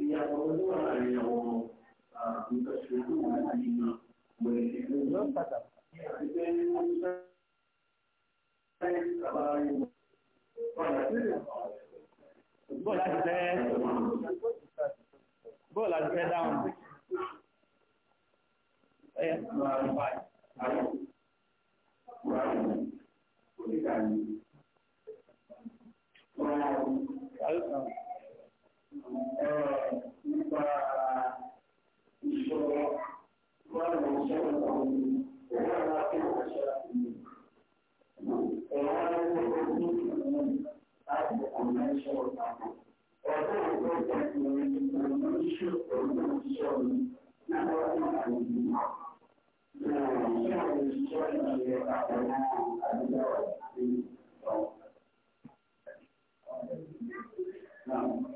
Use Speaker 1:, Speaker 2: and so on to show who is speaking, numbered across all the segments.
Speaker 1: ìyàwó olúwa àárín àwọn àgùntàn tó wà láti mọ wẹ̀rẹ̀ ìlú náà pàtàkì.
Speaker 2: Bọ́ọ̀lù àti fẹ́ bọ́ọ̀lù àti fẹ́ dáhùn. Ẹ
Speaker 1: Thank you nípa Thank you.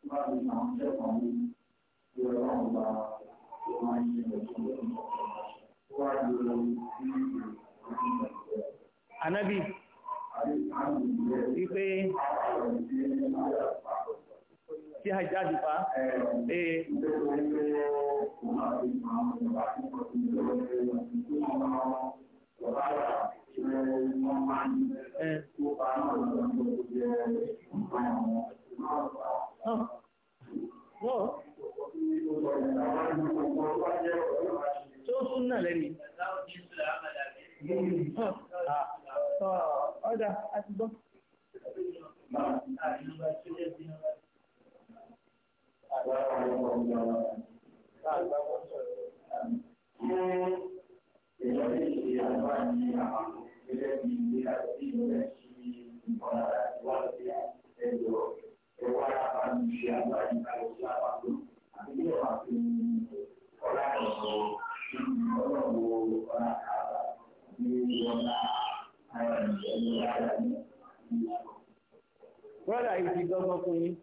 Speaker 1: Ànábì
Speaker 2: wípé tí a jáde pa ee ẹ̀
Speaker 1: tó súnà lẹ́ni ọ̀dá àti gbọ́ Ìjọba ìṣe àwọn àti àwọn ìgbẹ́lẹ́ ìgbẹ́ àti ìgbẹ́.
Speaker 2: fún yín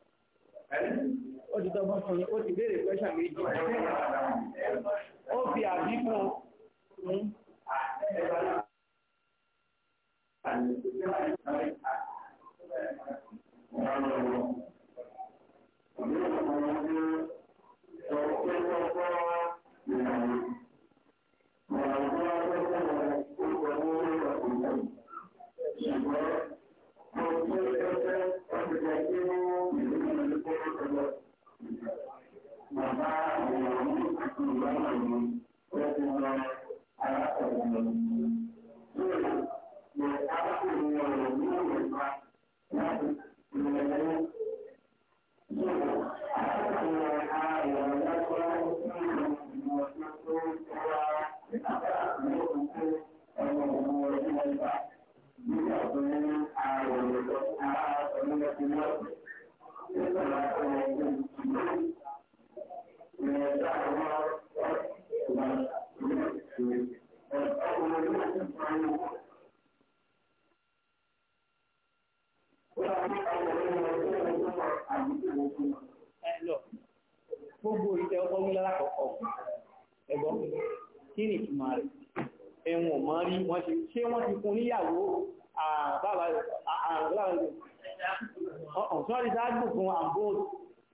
Speaker 2: Oh, sorry that book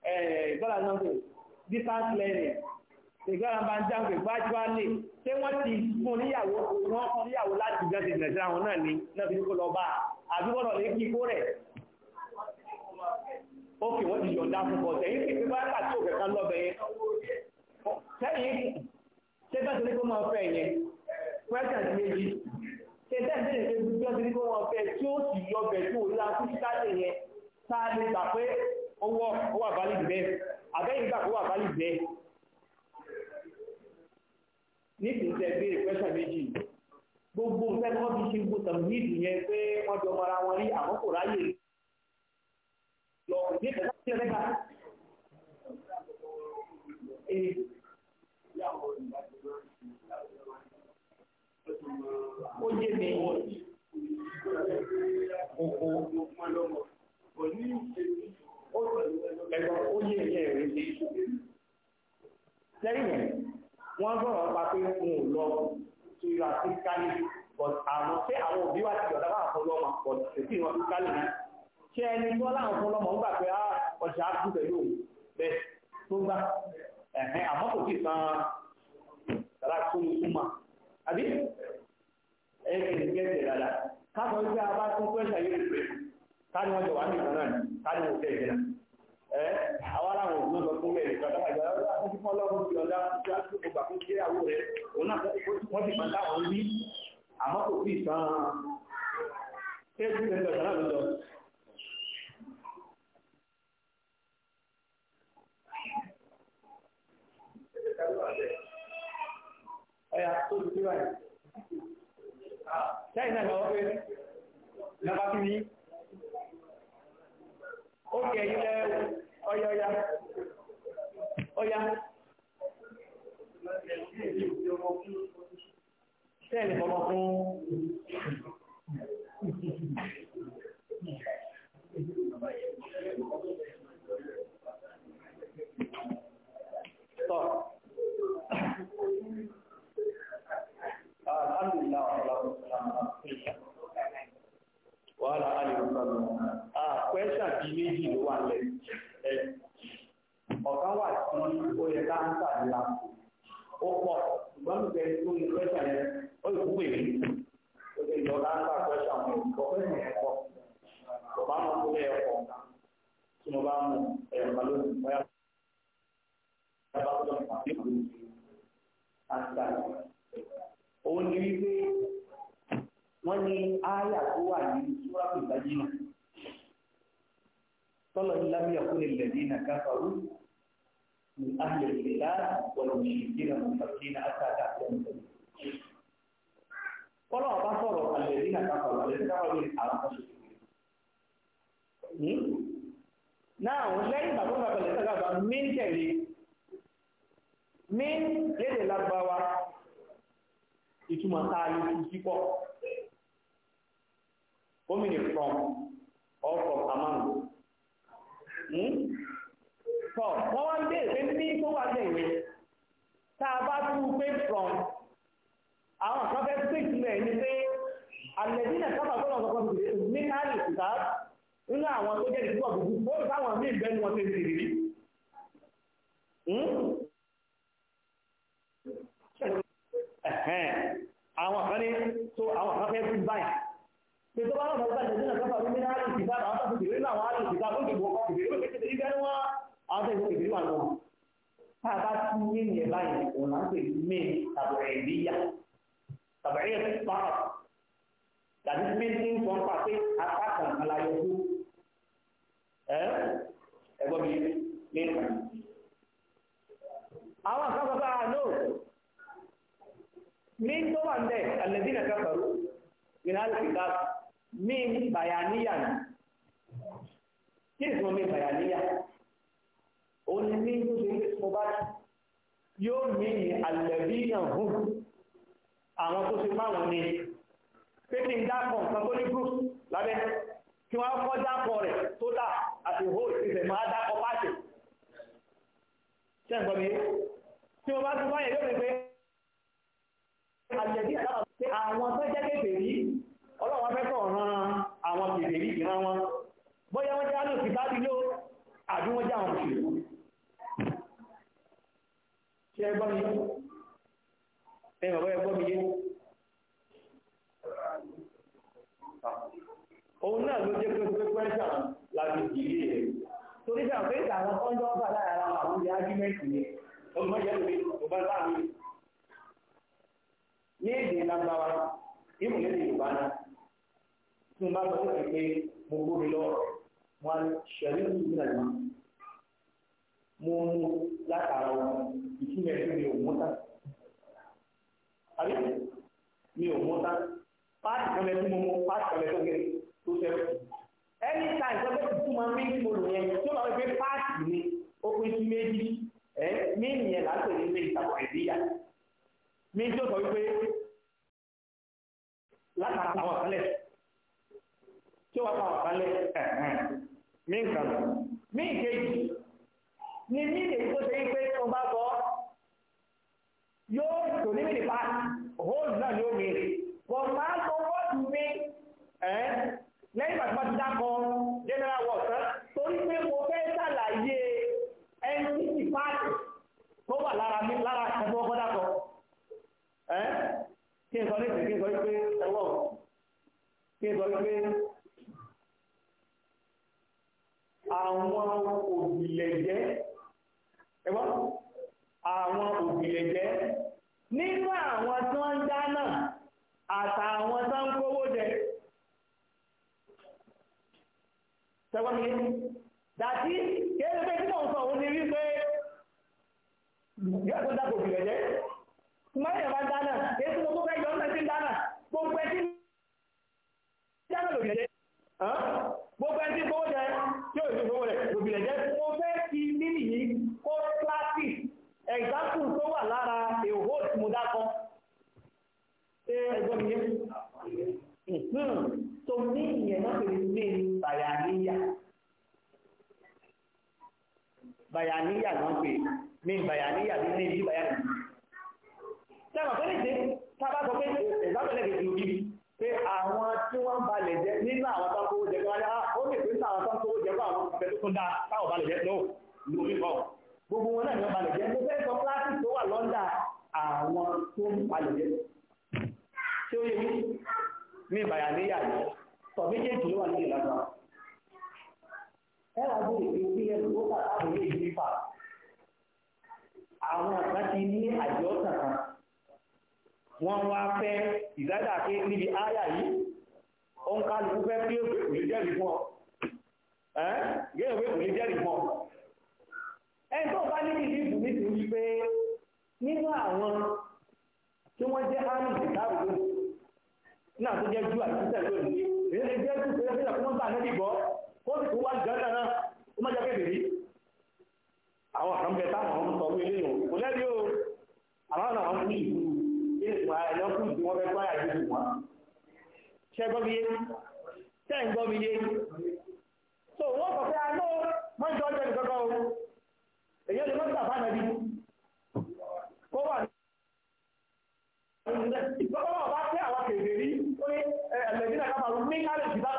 Speaker 2: and eh, both distance learning ìgbọ́lá bá ń jáǹkì tí wọ́n ti fún níyàwó láti jẹ́ ìgbẹ̀sẹ̀ àwọn náà ní náà kó lọ bá àbíwọ́lọ̀ lè kí kó rẹ̀
Speaker 1: ókè wọ́n ti yọ̀ǹda fún bọ́ sì pé báyà tí òkè kan lọ́bẹ̀
Speaker 2: yẹn yẹn táà lè gbà pé owó wà válì bẹ́ẹ̀ àbẹ́yìn gbà pé wà válì bẹ́ẹ̀ nítorí tẹ béèrè pẹ́sà méjì gbogbo nǹkan tí wọ́n fi ṣe gbogbo tàbí nídìí yẹn pé wọ́n jọ mara wọn rí àmọ́ kò ráyè lọ ní ìtẹ́lá sí ẹ̀rẹ́ka
Speaker 1: ó yé mi òkú
Speaker 2: ẹ̀gbọ́n ó yé ẹ̀yẹ rẹ̀ sí. lẹ́yìn wọ́n sọ̀rọ̀ nípa pé wọn ò lọ sí ra sí kálí but àwọn ṣé àwọn òbí wa ti ọ̀dà báwọn fún lọ́mọ but èsì wọn sí kálí náà ṣé ẹni ah, tó láwọn fún lọ́mọ ń gbà pé ọjà á dùn pẹ̀lú òun bẹ́ẹ̀ tó gbà ẹ̀hẹ́n àmọ́ kò sí san alákòóni súnmọ́ àbí ẹ̀ẹ́dẹ̀ẹ́dẹ̀ dáadáa káàkiri pé a bá tún pẹ́ṣà táni wọ́n jọ wà ní ìgbọ̀n ni táni wọ́n fẹ́ ìgbẹ́ náà ẹ́ àwọn aláwọ̀ òun lọ fún mẹ́rin kan dábàá ìgbà wọ́n ti fún ọlọ́run ti ọ̀dá tó gbà fún kí àwọ̀ rẹ̀ òun náà wọ́n ti gbà táwọn rí àmọ́ kò fi ìtàn
Speaker 1: tẹ́sí ẹgbẹ́ ọ̀sán náà ló lọ.
Speaker 2: Ẹ̀yà tó ti tí wáyé. Sẹ́yìn náà lọ́wọ́ pé,
Speaker 1: lọ́ba ni ó kẹ ilẹ̀ ọya ọya
Speaker 2: ọya tẹ́ẹ̀lì fọmọ fún الذين كفروا من أهل الكتاب والمشركين المنفقين حتى تأتيهم Kalau apa soro alladina kafaru alladina kafaru min alam hmm now lẹ́yìn bàbá bàbá lè sọ́kà bá min tẹ̀lé min lédè lágbáwá ìtumọ̀ tá a fi sípọ̀ gómìnà from àlẹ́dínà sábà tọ́lọ̀ sọ fún mi ní àlè ìta nínú àwọn tó jẹ́ ìdúgbò gbogbo bóyá táwọn míì bẹ́ẹ̀ ni wọ́n ti ń tìrì rí. Hmm? àwọn kan ní tó àwọn kan fẹ́ fún báyìí pé tó bá lọ́dọ̀ bá àlẹ́dínà sábà tọ́lọ̀ ní àlè ìta àwọn tó ti rí nínú àwọn àlè ìta tó ti bọ̀ ọkọ̀ ìrírí ló kékeré rí bẹ́ẹ̀ wọ́n àwọn tó ti rí wà lọ́wọ́ tá a bá tún ní ìyẹn báyìí òun là ń pè ní mí tàbí ẹ̀ríyà tàbí ẹ̀ríyà tàbí eh? pínpín kan fà pé apá kan kan la yọjú ẹ ẹgbọ́n mi nípa. àwọn àkàkọ́ bá a lò ní tó wà ń bẹ̀ àlẹ́dínà kẹfàrú ìnáàlì kìkà mí bàyàníyà ni kí ni wọ́n mí bàyàníyà ó ní ní tó ṣe mo bá yóò mí àlẹ́dínà hù àwọn tó ṣe máwọn ni pékin dákọ̀ nǹkan tó ní group lábẹ́ kí wọ́n kọ́ dákọ̀ rẹ̀ tó dà àti hold ìfẹ̀ máa dákọ̀ pàṣẹ ṣe ń gbọ́ mi tí wọ́n bá tún báyẹ̀ yóò rí pé àjẹ̀dí àdáwà pé àwọn tó jẹ́ kékeré ọlọ́wọ́n fẹ́ kọ̀ ran àwọn kékeré ìran wọn bóyá wọ́n jẹ́ àlùkí bá bí ló àbí wọ́n jẹ́ àwọn mùsùlùmí ṣe ń gbọ́ mi yé yé òun náà ló jẹ́ pé pé láti ìdílé rẹ̀ torí bí àwọn pẹ́sà ọjọ́ ọba lára àwọn àwọn ìdí ágímẹ́ǹtì ọmọ yẹn lórí ọba láàmì ní èdè lágbára ìmù nílé Yorùbá náà tí mo bá sọ fún pé mo gbóbi lọ́wọ́ wọn ṣẹlẹ̀ ní ìlú nàìjíríà mo mú látara wọn ìtumẹ̀ tí mi ò mú tán àbí mi ò mú tán páàkì kan lẹ mo mú páàkì kan lẹ tó kéré tó sẹ́wọ̀n. ẹni ta ìjọba ti tún máa ń mí mo lò yẹn tó máa ń gbé páàkì mi ó pín sí méjì ẹ mí nìyẹn láti ní ilé ìtàkùn ìdíyà mí tó sọ wípé látara àwọn àkálẹ̀ tí wọ́n pa àkálẹ̀ mí nǹkan mí kejì ni mí lè tó ṣe pé tó bá bọ́ yóò tò ní mí nípa hóòlù náà yóò mi bọ̀ máa sọ wọ́ọ̀dù mi lẹ́yìn bàtí wọ́n ti general ward tán torí pé mo fẹ́ ṣàlàyé npp party tó wà lára mi lára ẹgbẹ́ ọkọ̀ dákọ̀ ẹ́ kí n sọ ní ìsìn kí n sọ wípé ẹwọ́ kí n sọ wípé àwọn òbílẹ̀jẹ́ ẹgbọ́ àwọn òbílẹ̀jẹ́ nínú àwọn tí ń dáná àtàwọn tó ń sẹ́wọ́n mi dàtí kéde pé tí mò ń sọ òun ni wípé yóò tó dàpọ̀ òbí rẹ̀ jẹ́ mọ́ni ẹ̀ bá dáná èyí tí mo tó fẹ́ yọ ọ́n ti wà lára èhó tí mo dákọ ṣé mi tó ní ìyẹn náà lè mí bàyàníyà bàyàníyà náà pè mí bàyàníyà ní ní ìdíbàyà nì
Speaker 1: sẹ́wọ̀n tó lè ṣe tábà sọ pé ẹ̀sáfẹ́lẹ̀ lè fi ògiri pé àwọn tí wọ́n ń balẹ̀ jẹ́ nínú àwọn tó ń kówó jẹ gbọ́dá ah, ó lè pín sí àwọn tó ń kówó jẹ fún àwọn ọ̀fẹ́ tó tún dáa táwọn balẹ̀ jẹ́
Speaker 2: tó lórí kan gbogbo wọn náà ni wọ́n balẹ̀ jẹ́ mo fẹ́ sọ kíláàsì tó wà lọ́ndà àwọn tó ń balẹ̀ jẹ́
Speaker 1: tí ó yẹ mí mi bàyàníyà yìí tọ̀ méjèèjì ló wà nílẹ̀ lágbára ẹ̀rọ agbóhùn ìpín ìpínlẹ̀ tó kà láàbò ní ìlú nípa
Speaker 2: àwọn àgbà ti ní àjọ kankan wọ́n wá fẹ́ ìdájà pé níbi áyà yìí ó ń kálukú fẹ́ pé kò lè jẹ́rìí fún ọ gẹ́gẹ́ pé kò lè jẹ́rìí fún ọ ẹni tó bá níbi ìdìbò mi ti wípé nínú àwọn tí wọ́n jẹ́ áyà ìdáàbò náà tó jẹ́ jù àti sísẹ̀ lónìí èyí ti jẹ́ kúkú ẹgbẹ́ ìyàpọ̀ ń bà nẹ́bí bọ́ kó sì kú wá jẹ́ta náà ó má jẹ́ kébèrè àwọn kan bẹ táwọn ọmọ sọ wílé o kò lẹ́bi o àwọn náà wọn kú ìlú ìlú ẹ̀yọ́ kú ìdí wọn fẹ́ gbá àyè ìlú wọn ṣẹ́ gbọ́ mi yé ṣẹ́ ń gbọ́ mi kan o èyí ní kárẹ̀sì bá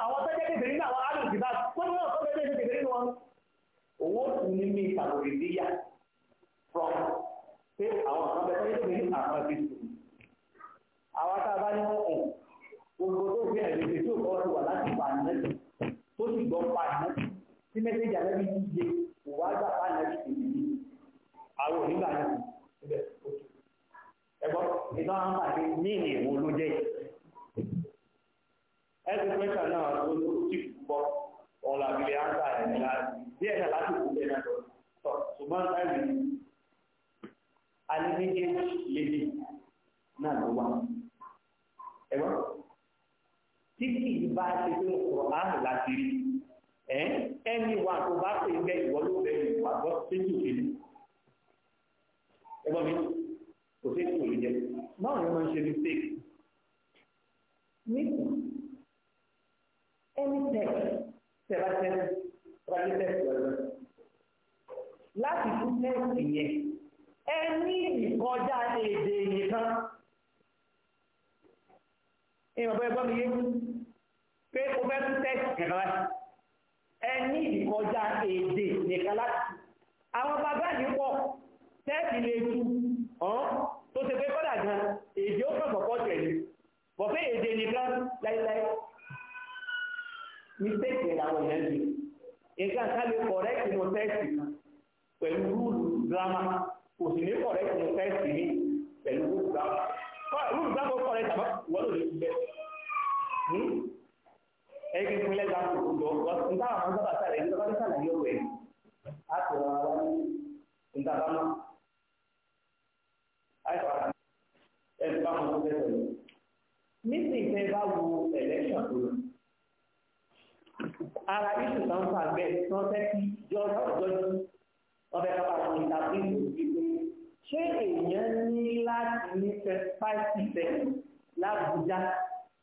Speaker 2: five percent lábújá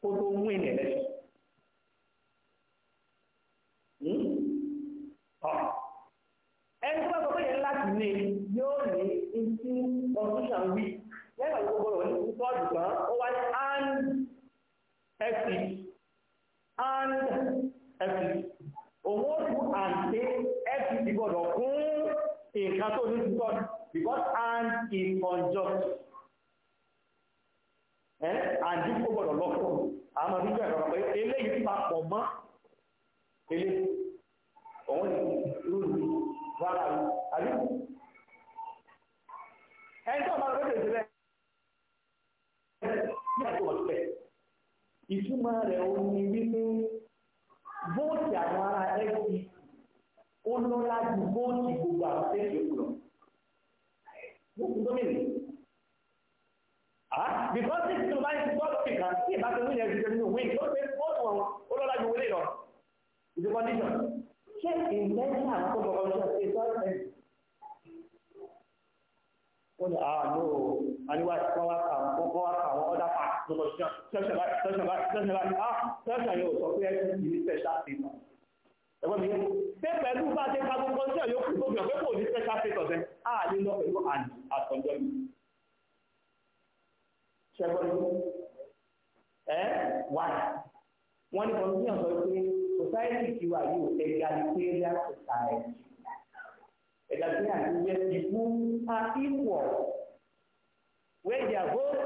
Speaker 2: kó tó mú ìnẹ̀ lẹ́sọ̀. Hmm? ẹni tó bá sọ pé yẹn láti ní yóò ní etí constitution wí lẹ́yìn àwọn gbogbo rẹ̀ ní sọ́ọ̀dù kan ó wá ní and exit and exit òun ó tún àǹtí exit gbọ́dọ̀ fún nǹkan tó ní sọ́ọ̀dù because and is conjunct àdínkù gbọ́dọ̀ lọ́pọ̀ àmọ́ bí bẹ́ẹ̀ lọ́pọ̀ eléyìí ti máa pọ̀ mọ́ ilé òun ni lórí rárá rẹ̀ àbí ẹni tó máa lọ́pọ̀ ìṣẹ̀lẹ̀ ní àti wọ́n tẹ̀ ìtumọ̀ rẹ̀ òun ni wípé bóòtì àwọn ará ẹ́kì ó lọ́lá ju bóòtì gbogbo àwọn tẹ́kì òkú because this tó bá ń gbọ́ lókè kan tí ìbá tó ń yẹ ìdíje nínú wíńdí ó fẹ́ fọ́ọ̀tù wọn ó lọ́la ju wọlé lọ ìdí condition
Speaker 1: ṣé ìgbẹ́ni àwọn tó bọ̀ ọjọ́ ṣe tọ́jú ẹ̀
Speaker 2: ó ní àwọn àlọ́ àníwá ìkọ́ wá kà wọ́n kọ́ wá kà wọ́n ọ̀dà pa lọ́dọ̀ ṣọ́ṣọ́ báyìí ṣọ́ṣọ́ báyìí ṣọ́ṣọ́ báyìí ah ṣọ́ṣọ́ yóò sọ pé ẹni ìlú special status ẹ̀gbọ́n mi ṣé pẹ̀lú bá ṣe ká gbogbo ṣọ́ọ̀ yóò kú tó fi hàn pé kò ní special status ẹ̀ á lè lọ pẹ̀lú àtọ̀jọ́ mi ṣẹ́gbọ́n ẹ́ wà wọ́n ní kọ́míṣán sọ pé society ti wà yóò egalitarian society egalitarian ti wẹ́ ìbú a equal where their votes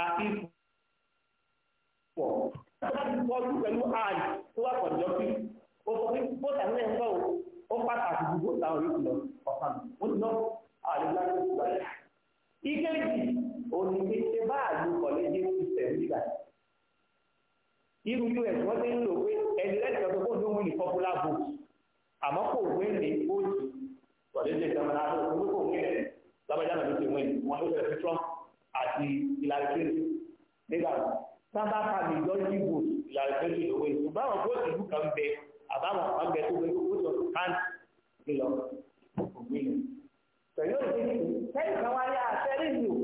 Speaker 2: are equal láti pọ́jú pẹ̀lú and tó wà kọ̀jọ́pì ó sọ pé bóta ẹ̀rọ ẹ̀kọ́ ó pàtàkì gbogbo táwọn yóò lọ ọ̀sán ó ti lọ àwọn ìlú láti ìgbà yẹn. ìkejì òní bí ṣe bá àlù kọ̀lẹ́jì sísẹ̀ nígbà irú us wọ́n ti ń lò pé ẹni lẹ́sìn ọ̀dọ́ kó dún wíìlì popular vote àmọ́ kò wíìn ní vote kọ̀lẹ́jì ìjọba náà ló kó wíìn ẹ̀ lábẹ́jà náà ló ti wíìn wọn ló fẹ́rẹ̀ sí Trump àti Hillary Clinton nígbà sábà ka majority vote Hillary Clinton ló wíìn ṣùgbọ́n àwọn vote ìlú kan bẹ àbáwọn kan bẹ tó wíìn vote of hand nílọ òwíìn pẹ̀lú òṣèlú sẹ́yìn kan wáyé àṣẹ́rí ìlú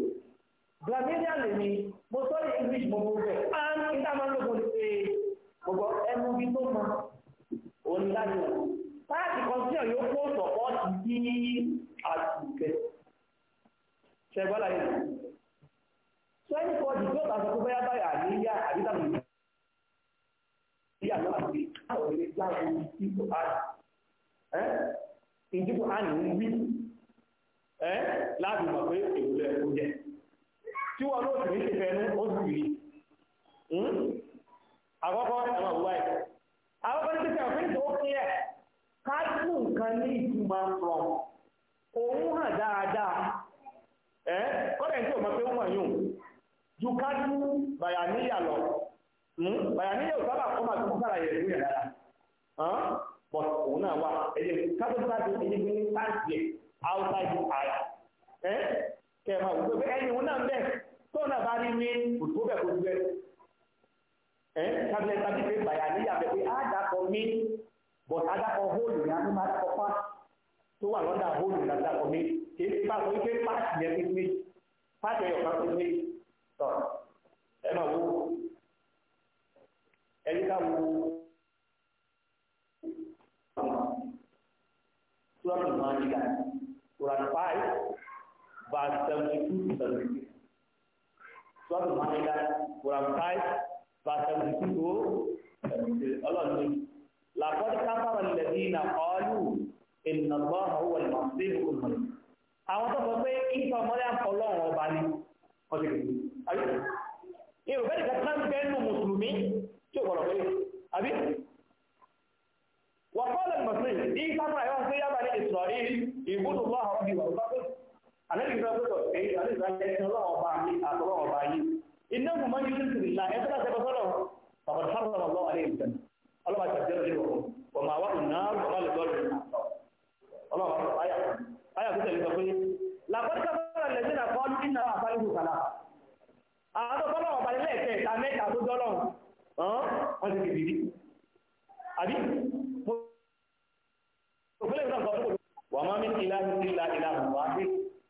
Speaker 2: Brazilian lè ní mo sọ ní English mo mú bẹ̀ and nígbà máa ń lò fún ṣe gbogbo ẹnu bí tó mọ òun láti wò. Táàtì kan sí ọ̀yọ́ kó sọ̀pọ̀ ti di àtìkẹ́. Ṣẹ̀gbọ́n láyé rẹ̀. Sọ́yìn kọ́ọ̀dì tó bá sọ pé bóyá báyà àníyá àbíkàbí ìyá náà àti àwọn ilé jáde ìdíbò àná. Ìdíbò àná ń wí láti mọ̀ pé èrò lẹ́kọ̀ọ́ jẹ́. tí wọ́n ló sì ní ṣe fẹ́nu hmm? àkọ́kọ́ ẹ̀wọ̀n wúwa ẹ̀ àkọ́kọ́ ní títí àfihàn tó kílẹ̀ kájú nǹkan ní ìtumọ̀ from òun hàn dáadáa ẹ́ kọ́dẹ̀ tí ò mọ̀ ju bàyàníyà lọ hmm? bàyàníyà ò sábà kọ́ máa tún sára yẹ̀ òun náà wà ní ẹ̀ outside the tọ́nà bá rí ní òtún bẹ̀ kó gbẹ ẹ̀ kábílẹ̀ tàbí pé bàyà níyà bẹ̀ pé àdàkọ mí bọ̀t àdàkọ hóòlù ní anú àdàkọ pa tó wà lọ́dà hóòlù ní àdàkọ mí kìí ṣe bá sọ wípé páàkì yẹn pé méjì páàkì ẹ̀yọ̀ kan pé méjì tọ̀ ẹ máa wo ẹni ká wo Surah Al-Ma'idah, Quran 5, verse 72 to 73. Surah Al-Ma'idah, Quran 5, verse 72 to 73. Allah says, لَقَدْ كَفَرَ الَّذِينَ قَالُوا إِنَّ اللَّهَ هُوَ الْمَصِيحُ الْمَرْيَمُ Àwọn tó sọ pé ìfà mọ́lẹ́ àkọlọ́run ọba ni, kan ń bẹ́ nù Mùsùlùmí tí ò gbọ́dọ̀ pé, àbí? Wà fọ́lẹ̀ Mùsùlùmí, ìfà mọ́lẹ́ ní Ìsọ̀rí, ìbúdùn lọ́hàá ọ̀bí wà àlẹ́bìnrin gbọ́dọ̀ pé àlẹ́bìnrin ẹni ọlọ́wọ́ ọba yìí àtọwọ́ ọba yìí iná mú mọ́ yìí sì là ẹgbẹ́ náà tẹ́lẹ̀ sọ́dọ̀ bàbá sábà lọ́wọ́ alẹ́ ìtàn ọlọ́wọ́ àtàjẹ́ rẹ̀ lọ́wọ́ ọmọ àwọn ọ̀nà bàbá lè lọ́rùn ọlọ́wọ́ ayà tó tẹ̀lé sọ pé làbọ́dọ̀ sọ́dọ̀ lẹ́sẹ̀ náà kọ́ nínú àbáyé kàlà àtọ́kọ́lọ́ ọba lẹ́ẹ̀kẹ́ ìta mẹ́ta tó dọ́lọ́ wọ́n ti kìbìrì àbí mo fẹ́lẹ̀ sọ́dọ̀ wà máa mi ìlà ìlà ìlà wà á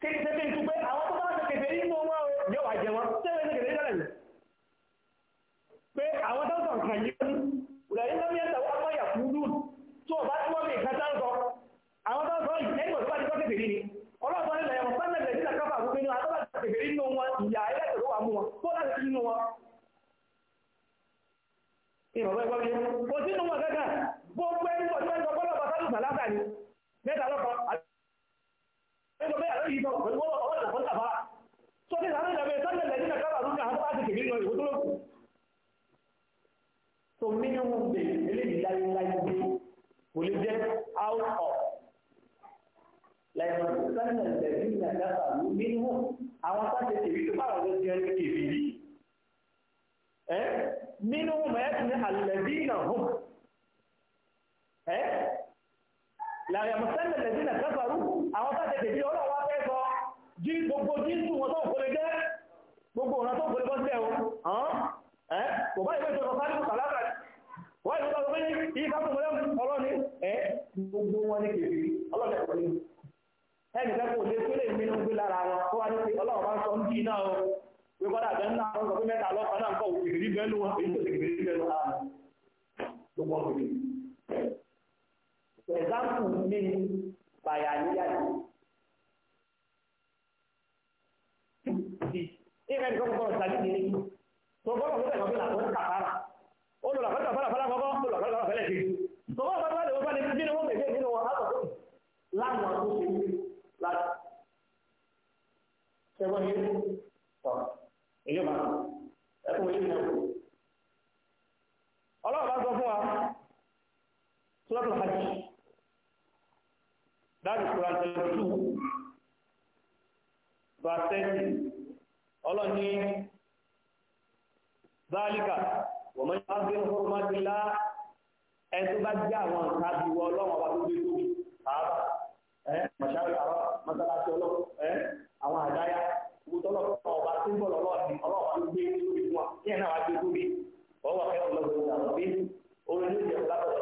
Speaker 2: kékeré bí ìtúpé àwọn tó bá ṣe kèfèrí nínú wọn yóò wá jẹ wọn tẹ́lẹ̀ ní kèfèrí lẹ́lẹ̀ pé àwọn tó sàn kàn yí wọn rẹ̀ ní lọ́mí ẹ̀sà wọn mọ̀ yàkú lù tó ọba tí wọ́n fi ìka tá ń sọ àwọn tó sọ yìí lẹ́yìn tó bá ti sọ kèfèrí ni ọlọ́pàá nílẹ̀ ẹ̀wọ̀n pẹ́lẹ̀ lẹ́yìn tó káfà àbúkẹ́ ní àtọ́bà ti kèfèrí nínú wọn ìyà ẹlẹ́tọ̀ ló wà mú wọn tó láti sí nínú wọn ìrọ̀lẹ́ ẹgbẹ́ mi kò sínú wọn gẹ́gẹ́ gbogbo ẹni tó ti ń sọ bọ́lọ̀ bàtà lùsàn látà ni mẹ́ta lọ́kọ̀ So minimum base, eléyìí láyé láyé gbé, kò lè jẹ́ out of. Lẹ́yìn sẹ́nà ìtẹ̀lé ní àjáfà ló minimum, àwọn sáṣẹ tèmi tó báwọn ló jẹ́ tèmi rí. Ẹ́ minimum ẹ̀ ti ní àlẹ́bí náà hùn. Ẹ́ làwọn mùsùlùmí lẹ́sìn náà kábàrú àwọn bá tètè bí ọlọ́wọ́ afẹ́ sọ jí gbogbo jíńsù wọn tó ń kólé jẹ́ gbogbo ọ̀nà tó ń kólé bọ́sílẹ̀ o ẹ́ kò bá ìwé ìjọba sáré kò lára wọ́n ìlú bá gbé yí káfíń gbogbo wọn ní ni ẹnì kan kò lè pélé mi ní gbé lára wọn tó wá ní pé ọlọ́run bá ń sọ ń bí iná o pé kọ́dà bẹ́ẹ̀ náà wọ́n ẹ̀zámpù mi bàyà níyàjú.
Speaker 1: Ìrẹ́ nìkan gbọ́dọ̀ sàlẹ̀ ní ẹ̀yìn. Tó gbọ́dọ̀ lọ́wọ́ ẹ̀kọ́ bí làwọn kàfàrà. Ó lọ làwọn kàfàrà fọlá kọ́kọ́, ó lọ lọ́wọ́ fẹ́lẹ̀ kejì.
Speaker 2: Tó wọ́n bá lọ́wọ́ bá lè fi nínú wọn bèbè nínú wọn látọ̀ tó láwọn tó ṣe láti. Ṣẹ́wọ́n yé
Speaker 1: tọ̀ èyí máa
Speaker 2: ẹkùn èyí náà. Ọlọ́run bá sọ fún wa, Sọ́lọ́tò Hajj. That is Quran chapter 2, verse 30. Allah mọ́ yóò gbé ọmọ ọmọ bá jẹ́ àwọn nǹkan wọ ọlọ́run tó gbé tóbi, ààbà, ẹ́ mọ̀ṣáré àwọn àwọn àdáyà,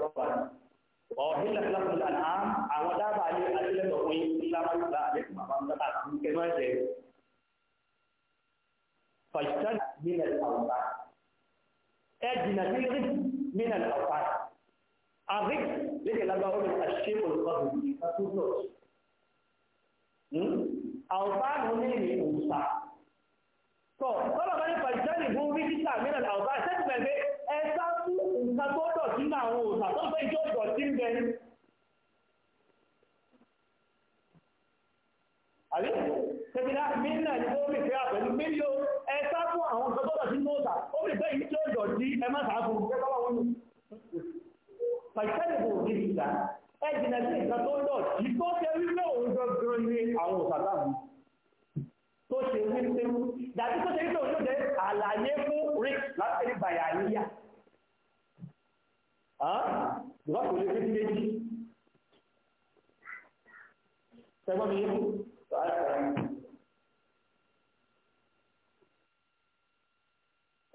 Speaker 2: ọba ọ̀hílẹ̀ lọ́pùlù àlàm àwọn dábàá ní adílẹ́tọ̀ fún ìlàmọ́lùgbà àdékùn àwọn dábàá fún kẹmọ́ ẹ̀jẹ̀ fàṣítàn nílẹ̀ àwùbá ẹ jìnà sí rí nílẹ̀ àwùbá àrík lédè lábá omi àṣìṣe olùkọ́dù ìfàtúndọ̀ àwùbá ló ní ìrìn òǹsà tọ́ tọ́lọ̀ bá ní fàṣítàn ìbú rí títà nílẹ̀ àwùbá sẹ́tìmẹ̀ ẹ̀sá fún nǹkan tó dọ̀tí ní àwọn òòsà tó fẹ́ ìjọ ìdọ̀tí ń bẹ àbí tẹ́tìlá mílíọ̀nà ní ó rí fẹ́ àpẹ̀lú mílíọ̀ ẹ̀sá fún àwọn nǹkan tó dọ̀tí ní òòsà ó rí fẹ́ ìjọ ìdọ̀tí ẹ má sàá fún ẹ̀jìnà sí nǹkan tó dọ̀tí tó ṣe wípé òun gangan ní àwọn òòsà táwọn tó ṣe wípé dàbí tó ṣe wípé òun ló jẹ́ àlàyé fún rí láti rí bàyà níyà ìwà kò lè fi méjì
Speaker 1: tẹgbọ́n ni, yẹ́kù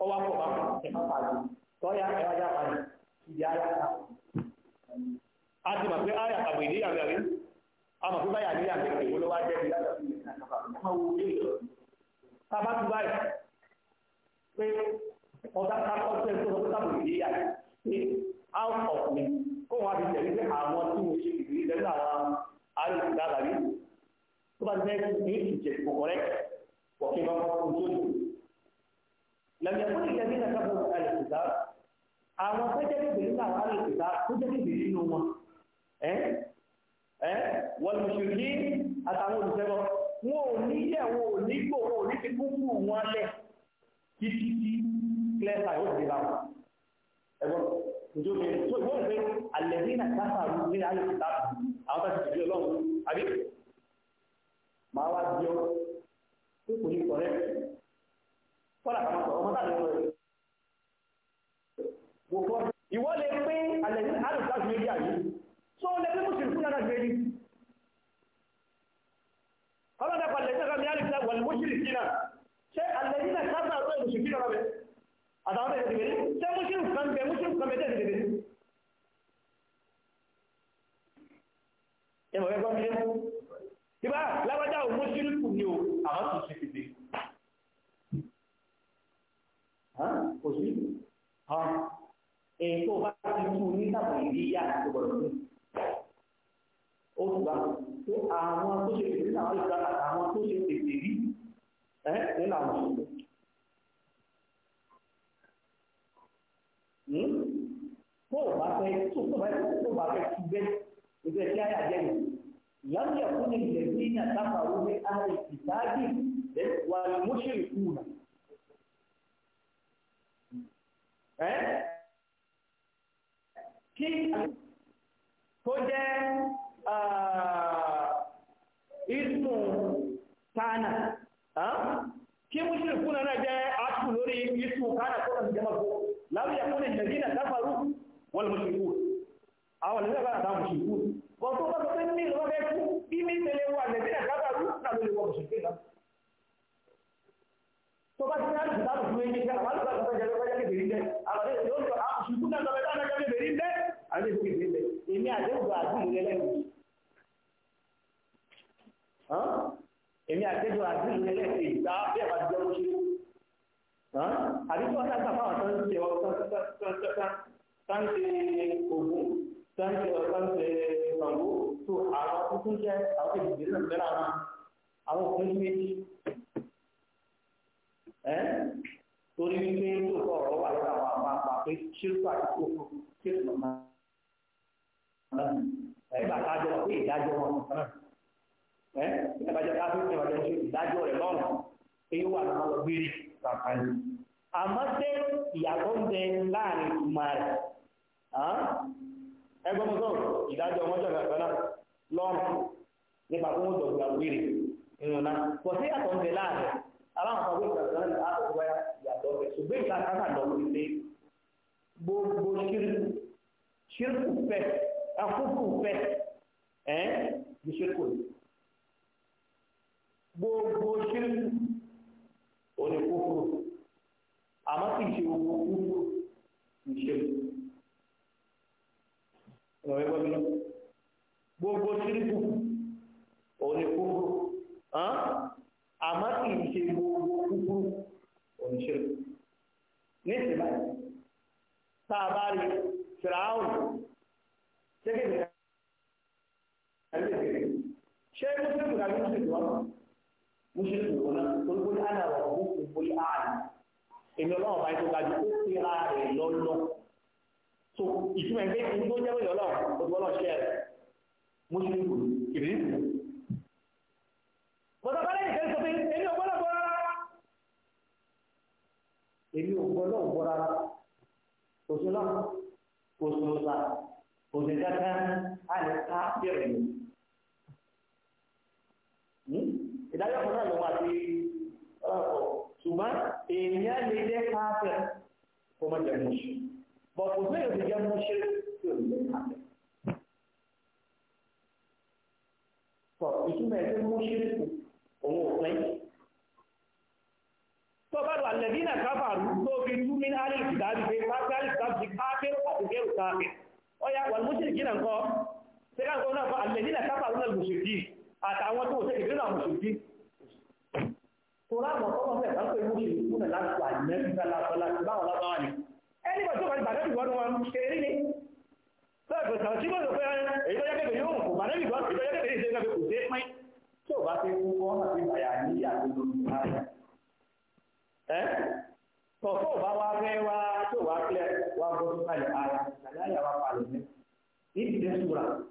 Speaker 2: ọwọ́ akọ̀ bá ẹ̀fà pàdé tọ́yà ẹ̀wà já pàdé ìdí ayá ká a ti mọ̀ pé ayà àbò ìdí yàrá rí a mọ̀ pé báyà ní yàrá rí olówó ajẹ́ ìdí yàrá rí ọmọ wo ilé pé ọ̀dà ká kọ́ tó lọ sí ìdí yàrá out of me kó wọn fi tẹ̀lé pé àwọn tí mo ṣe ìrírí lẹ́nu àwọn alùpùpù tó bá jẹ́ ní ìjẹ̀ kòkòrẹ́ wọ̀kí bá wọn kún tó lù. lẹ́yìn fún ìjẹ́ ní ìjọba alùpùpù àwọn tó jẹ́ bèbè nínú àwọn alùpùpù tó jẹ́ bèbè nínú wọn wọ́n lè ṣe kí àtàwọn olùsẹ́gbọ́ wọn ò ní yẹ̀ wọn ò ní gbò wọn ò ní fi kúkú wọn lẹ̀ títí tí clear njó mi tó ìwọ́n ìfẹ́ alẹ́bí náà káfàrú ní alẹ́ ìta àwọn tàbí ìdí ọlọ́run àbí máa wá di ọ pé kò ní kọ̀rẹ́ kọ́lá kan sọ ọmọ tàbí ọmọ rẹ̀ mo kọ́ ìwọ lè pé alẹ́bí náà alẹ́ ìta ju eré àyè tó lè pé mo sì fún náà ju eré ọlọ́dà pàlẹ́ sẹ́ka mi alẹ́ ìta wà ní mo sì rí náà ṣé alẹ́bí náà káfàrú ẹ̀ àtàwọn tẹ̀sí bèrè ṣé mùsùlùmí kan bẹ mùsùlùmí kan bẹ tẹ̀sí bèrè. ẹ mọ̀ fẹ́ gbọ́ mi lé. ìbá lábájá ò mùsùlùmí ni o àwọn kò sí fìdí. kò sí èyí tó bá ti tú ní sábà ìdí yá tó gbọdọ̀ fún ó gbà pé àwọn tó ṣe tètè náà ó gbà àwọn tó ṣe tètè rí ẹ nínú àwọn ìṣòro. tó o bá fẹ́ tó o bá fẹ́ tó o bá fẹ́ tu bẹ́ẹ̀ ìgbẹ́ tí a yà jẹ́ mi lámì ẹ̀kú ni ilẹ̀ ní ìyá dábà ki ní ààrẹ ìdájì lẹ́ wà ní mo ṣe ìkú nà. ẹ́ kí tó jẹ́ ismu kana láwọn yàkúnlẹ̀ ìjẹ̀dínà káfàrú wọ́n lè mọ̀ṣẹ̀kú àwọn ìlú àbára àwọn mọ̀ṣẹ̀kú wọ́n tó bọ́sọ̀ pé ní ìlọ́bẹ̀ kú bí mi tẹ̀lé wà lẹ́dínà káfàrú náà ló lè wọ́n mọ̀ṣẹ̀kú náà tó bá ti ní àrùn ìdáàbò fún ẹni ká àwọn ìlú àbára jẹ́ lọ́jọ́ kébèrè jẹ́ àwọn ìlú àbára mọ̀ṣẹ̀kú náà lọ́bẹ̀ dáná jẹ́ kébèrè jẹ́ àwọn ìlú kébèrè jẹ́ èmi àdéhùn àdúgbò lẹ́lẹ́rù èmi àdéhùn àdúgbò lẹ́lẹ́rù ìgbà bí àbí tí wọ́n sá gbà fáwọn tó ń ṣe ọ̀tọ̀ tó ń ṣe ògùn tó ń ṣe ọ̀tọ̀ ń ṣe ìrànwọ́ tó àwọn tuntun jẹ́ àwọn èdè náà bẹ́ẹ̀ náà àwọn òkun méjì ẹ́ torí wípé tó kọ́ ọ̀rọ̀ wà lọ́wọ́ àwọn àpapọ̀ pé ṣírúkọ àti kókó ṣírúkọ máa ẹgbà kájọ wọn pé ìdájọ́ wọn nìkan náà ẹ ìdájọ́ kájọ wọn pé ìdájọ́ rẹ̀ lọ́rùn pé yóò wà lọ́wọ́ gbére kàkàlù àmọ́ pé ìyàtọ̀ ń bẹ láàrin ìtumọ̀ rẹ̀ ẹgbẹ́ mọ́tò ìdájọ́ wọn jọ̀gà kan náà lọ́rùn nípa kó wọ́n dọ̀gbà wíìrì nínú náà pọ̀ sí ìyàtọ̀ ń bẹ láàrin aláwọn kan wíìrì kan náà àtọ̀tọ̀ báyà ìyàtọ̀ bẹ ṣùgbọ́n ìta kákà lọ wí pé gbogbo ṣírìkù ṣírìkù fẹ́ akúkù fẹ́ ẹ́ ní ṣírìkù gbogbo ṣírìkù òní kúkúrú àmọ́ kì í ṣe owó kúkúrú kì í ṣe ìrọ̀lẹ́ gbọ́dọ̀ lọ gbogbo ṣíríkù òní kúkúrú àmọ́ kì í ṣe gbogbo kúkúrú òní ṣíríkù níṣẹ́ báyìí tá a bá rí fìràáhùn ṣẹ́gẹ̀dẹ̀ ṣé mùsùlùmí tàbí mùsùlùmí wọn mùsùlùmí wọn náà tó ń gbé ní àná wọn olè ààrẹ ah, èmi ọlọ́run bá yẹ tó gbájú ó fi ra rẹ̀ lọ́lọ́ so ìtumọ̀ ẹgbẹ́ ìlú tó jẹ́ ìyọ́lọ́ ọdún ọlọ́run ṣẹ́ rẹ̀ muslim ìrírí bọ́dọ̀ bá lẹ́yìn kẹ́sọ́ pé èmi ò gbọ́dọ̀ gbọ́ rárá èmi ò gbọ́dọ̀ gbọ́ rárá òṣèlú òṣèlú òṣèlú kẹ́kẹ́ àyè ká bẹ̀rẹ̀ ni hmm? ìdájọ́ kan náà ló wà sí ọ̀pọ̀ ṣùgbọ́n èèyàn lè jẹ́ káfẹ́ kó má jẹ mọ́ṣẹ́ bọ̀ kò sí èèyàn ti jẹ mọ́ṣẹ́
Speaker 1: tí ò ní jẹ káfẹ́.
Speaker 2: sọ ìtumọ̀ ẹ̀ pé mọ́ṣẹ́ kù òun ò pẹ́. tó bá lọ àlẹ́ bí nàkàfà tó fi tú mí náà lè dá bí pé káfẹ́ àlùkàfẹ́ ti káfẹ́ pàtó kẹ́rù káfẹ́. ó yà wà mọ́ṣẹ́ kí nà ń kọ́ ṣé káfẹ́ náà kọ́ àlẹ́ bí nàkàfà àtàwọn tó wọ́n Torá àwọn ọkọ̀ fẹ́ bá pé mú ṣe ìkúnlẹ̀ láti wà ní ẹgbẹ́ lásọ́lá ti báwọn lábá wà ní. Ẹni bá tó bá bàdẹ́ ìwọ́n wọn ṣe rí ni. Bẹ́ẹ̀ kò sí mọ̀tò pé èyí tó yẹ́kẹ̀kẹ̀ yóò kò bàdẹ́ ìwọ́n èyí tó yẹ́kẹ̀kẹ̀ yìí ṣe kò sí pín. Tí ò bá ti kú kọ́ àti bàyà ní àgbègbè ìgbà. Ẹ́ tọ̀tọ̀ bá wá fẹ́ wá tí ò wá fẹ́ wá gbọ́dọ̀ kalẹ̀ ara ìgbàlá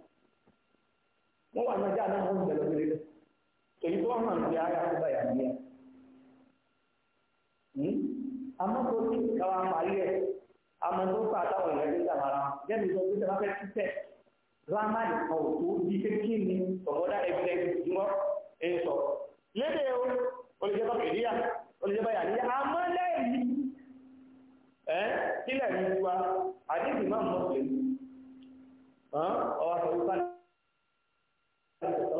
Speaker 2: wọ́n wà náà jáde wọ́n bẹ̀rẹ̀ lórí rẹ̀ èyí tó hàn ní ayé àkóbá yà ní ẹ̀ amọ́tò tí káwa parí ẹ̀ amọ́tò tó àtàwọn ìrẹ́lẹ́ ìjàmbára jẹ́mi sọ pé sábà fẹ́ títẹ̀ rámàdì kan ò tó bí kékeré ní ọ̀bọ̀dá ẹgbẹ́ ìjùmọ̀ ẹ̀ sọ lédè o olùjẹ́bà kìdíyà olùjẹ́bà yàdíyà àmọ́ lẹ́yìn ẹ̀ kílẹ̀ ní wa àdéhùn máa mọ̀ sílẹ̀ ọ̀wà sọ̀rọ̀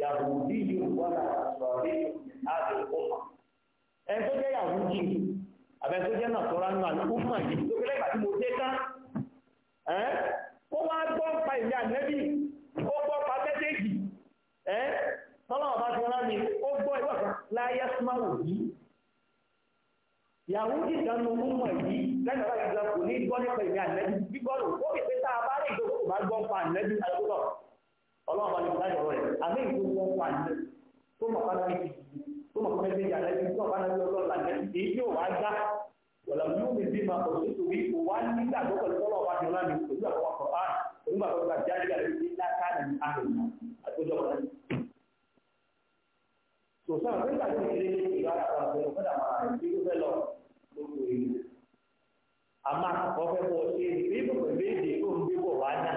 Speaker 2: yahudi yìí wọ́n náà sọ̀rọ̀ àti ọmọ ẹni tó jẹ́ yahudi àbẹ̀ tó jẹ́ náà sọ̀rọ̀ àná àlùkò fún àyè tó kẹ́lẹ́ ìgbà tí mo dé tán ẹ́ kó wá gbọ́ pa ìyá nẹ́bí ó gbọ́ pa tẹ́tẹ́jì ẹ́ tọ́lá ọba ti rán mi ó gbọ́ ìwà kan láyé súnmáwò yìí yahudi kan ní ọmọ yìí lẹ́nu ọba ìgbà kò ní gbọ́ nípa ìyá nẹ́bí gbígbọ́ lò ó kì í pé tá a bá rí ìdókòwò bá gbọ́ pa nẹ́bí alùpùpù ọlọ́run bá lè fi láyọ̀ rẹ̀ àmì ìlú wọn pa ní tó mọ̀ fún mi tó mọ̀ fún mi bíi àlẹ́ tó mọ̀ fún mi ọlọ́run làjẹ́ èyí yóò wá gbá wọ̀lá yóò mi bí ma kọ̀ nítorí kò wá nígbà tó pẹ̀lú ọlọ́run bá ti rán mi pẹ̀lú àwọn onígbà tó gbà jáde àlẹ́ ní láká ní àhùnà àtòjọ wọn. sòsàn nígbà tó kéré ìlú ara kan àti ọ̀gbọ́n àwọn ará ìdí tó fẹ́ lọ lóko ìlú. àmà ọ̀fẹ́ bọ̀ ṣe ìgbébọ̀ pẹ̀lú èdè tó ń gbébọ̀ wá náà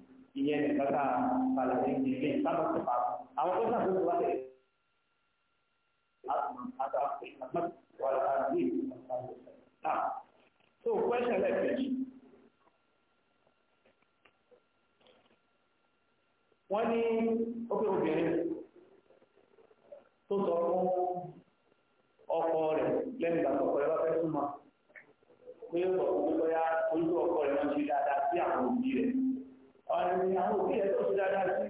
Speaker 2: ìyẹn nìkan tá a balẹ̀ ní ìdílé sábà tó pa àwọn tó sàbẹ̀ tó wà lẹ̀ So question left like wọ́n ní ókè obìnrin tó sọ fún ọkọ rẹ̀ lẹ́nu ìgbà tó kọ̀ọ̀rẹ́ bá fẹ́ súnmọ́ pé ó sọ fún pé bóyá ojú ọkọ rẹ̀ wọ́n ṣe dáadáa sí àwọn òbí rẹ̀ ọ̀rìn àwọn òbí rẹ̀ tó ṣe dáadáa sí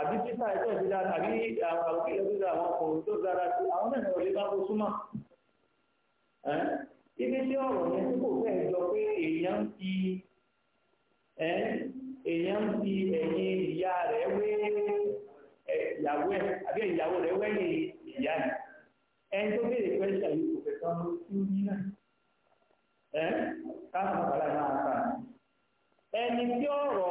Speaker 2: àbí títà ẹ̀ tó ṣe dáadáa àbí àwọn òbí rẹ̀ tó ṣe àwọn ọkùnrin tó ṣe dáadáa sí àwọn náà ò lè bá kó súnmọ́. ibi tí ọ̀rọ̀ yẹn tí kò fẹ́ jọ pé èèyàn ń fi èèyàn ń fi ẹ̀yìn ìyá rẹ̀ wé ìyàwó ẹ̀ àbí ìyàwó rẹ̀ wẹ́yìn ìyá rẹ̀ ẹni tó béèrè pẹ́ṣẹ̀ yìí kò fẹ́ tán ló kú nínà káàkiri náà kà ẹni tí ọ̀rọ̀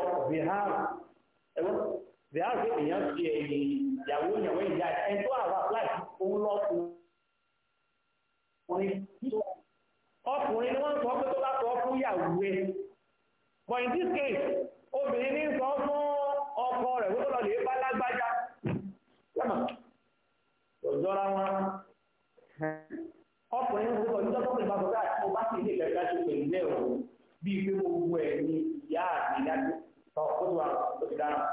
Speaker 2: bihar èèyàn ṣe ẹ̀yìn ìyàwó ìyàwó ìyá ẹni tó àwọn àpláàtì òun lọ ọkùnrin ni wọ́n sọ pé tó bá sọ fún ìyàwó but in this case obìnrin ní sọ fún ọkọ rẹ̀ wọ́n lọ lè bá lágbájá lọ́nà kò wọn
Speaker 1: ọkùnrin ní sọ pé tó bá sọ pé àti mo bá sì
Speaker 2: ní ìyá àgbélájú tọ́ ó wà lórí dáhùn.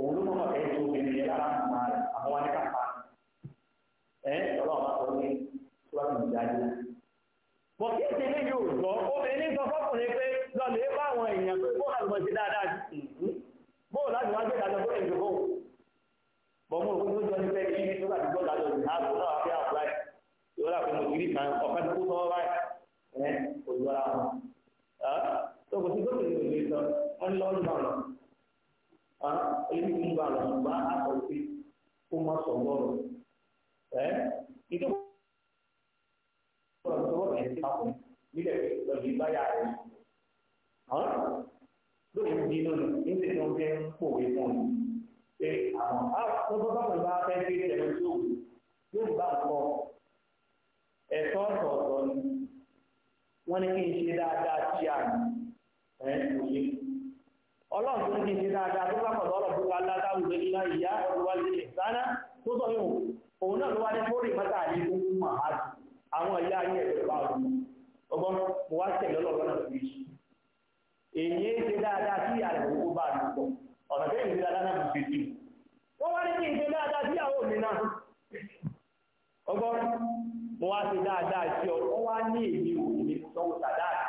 Speaker 2: òun ló mọ̀mọ́ ẹ̀ tó obìnrin yẹn lára mọ̀ máa rẹ̀ àwọn wọn ní kápá. ẹ ọlọ́run máa sọ ní síwájú ìdájú. bọ̀ kí èsì ilé yóò jọ obìnrin sọ fọ́kùnrin pé lọ́lẹ̀ bá àwọn èèyàn pé bó àlùmọ̀ ṣe dáadáa sí bóò láti wá gbé ìdájọ́ bóyá ìdòbò bọ̀mú òkú tó jọ ní fẹ́ẹ́ kí ní tó bá ti gbọ́ dájọ́ ìdáàbò náà wá fẹ́ àbúrò ìwọ́n àfẹ́ mọ̀ kiri kan ọ̀fẹ́ tó tọ́ báyìí ẹ̀ òjò ara wọn kò sí lókè lókè lè sọ wọn lọ ń bà lọ èyí ń bà lọ ṣùgbọ́n a sọ pé kó má sọ lọ́rọ̀ ẹ ìjọba ọ̀rọ̀ tó wọ́n bẹ̀rẹ̀ sí papọ̀ nílẹ̀ lọ́dún ìbáyà rẹ̀ lórí ìdí lónìí níbi tí wọ́n fi ń pòwe fún un pé àwọn àwọn báwọn bá fẹ́ gbé tẹ̀lé tí yóò bá kọ ẹ̀tọ́ ọ̀tọ̀ọ̀tọ̀ ni wọ́n ní kí n ṣe dáadáa tí a yìí. ẹ̀ kò ṣe ọlọ́run tó ní ṣe dáadáa tó bá pọ̀ lọ́rọ̀ búwa látàwù lórí náà ìyá ọlọ́wà tó sọ yóò òun náà ló wá ní àwọn ìyá ayé ẹ̀rọ bá mo wá tẹ̀lé ọlọ́run náà fi ṣe èyí ṣe dáadáa sí bá mi pọ̀ ọ̀nà dáadáa náà fi ṣe wọ́n wá ní kí n ṣe dáadáa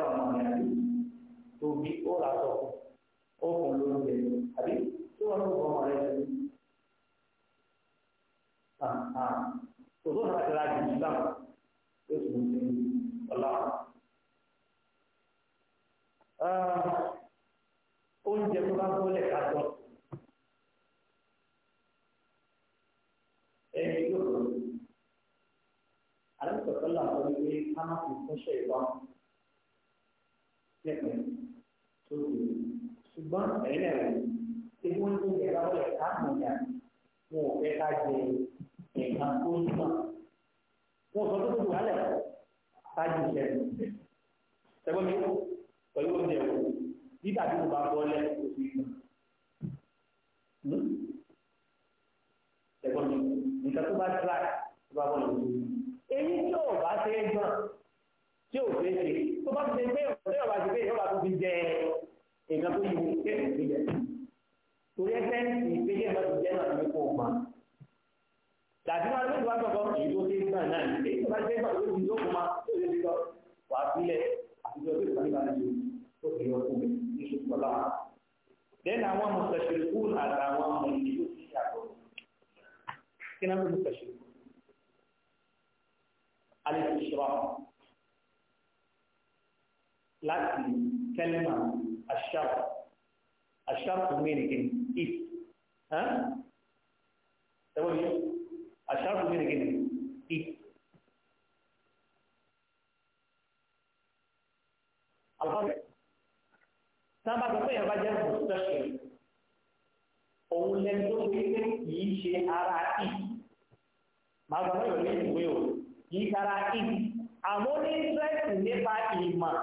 Speaker 2: bí ó rà sọ ó kùn ló
Speaker 1: ń bẹ àbí tí wọn ló bọ ọmọ rẹ ah,
Speaker 2: ah. sí. òtún náà ti ra jù sí láwọn yóò sì mú sí ọlá. Ah, oúnjẹ tó bá gbólẹ̀ ká jọ. ẹni yóò lọ. àlẹ́ sọ̀tọ́ làwọn ọmọ ìwé ká fún ṣe ìbọn ṣùgbọ́n ẹ̀yìn ẹ̀rọ tí wọ́n ní ìlera ọ̀rẹ́ káàmùyà wọn ò fẹ́ ká jẹ ẹ̀ka tó ń mọ̀ wọn sọ tó tó wàhálà ṣáájú ìṣẹ̀lẹ̀ ṣẹ́gbọ́n mi pẹ̀lú oúnjẹ wò nígbà tí mo bá bọ́ lẹ́ oṣù ìgbà ṣẹ́gbọ́n mi nǹkan tó bá tíra tó bá bọ́ lẹ́ oṣù ìgbà èyí tí ò bá ṣe é gbọ́n tí ò fẹ́ ṣe tó bá ti ṣe pé ọ̀rẹ́ ọ̀rọ̀ àti pé ìyọ́ba tó fi jẹ èèyàn tó yẹ kí ẹ̀ fi jẹ
Speaker 1: torí ẹsẹ̀ ìgbé yẹn bá ti jẹ́ náà ní kó o
Speaker 2: ma dàbí wọn lóṣù wá gbọ́dọ̀ èyí tó ṣe gbà náà èyí tó bá ṣe gbà tó ti lóko ma tó ṣe lọ wà á sílẹ̀ àtijọ́ tó ti yàtọ̀ kí náà ló mùsùlùmí ti ṣe láti kẹ́lìmà aṣáàpù aṣáàpù mìíràn if ẹwọ́n yìí aṣáàpù mìíràn if alhamdu sábà tó fẹ́yàn bá jẹ́ mustachio òun lẹ́nu tó fi pé kìí ṣe ara if màá gbọ́dọ̀ yọ̀ ní ìwé o kìí ṣe ara if àmọ́ ní ìrẹ́sì nípa ìmọ̀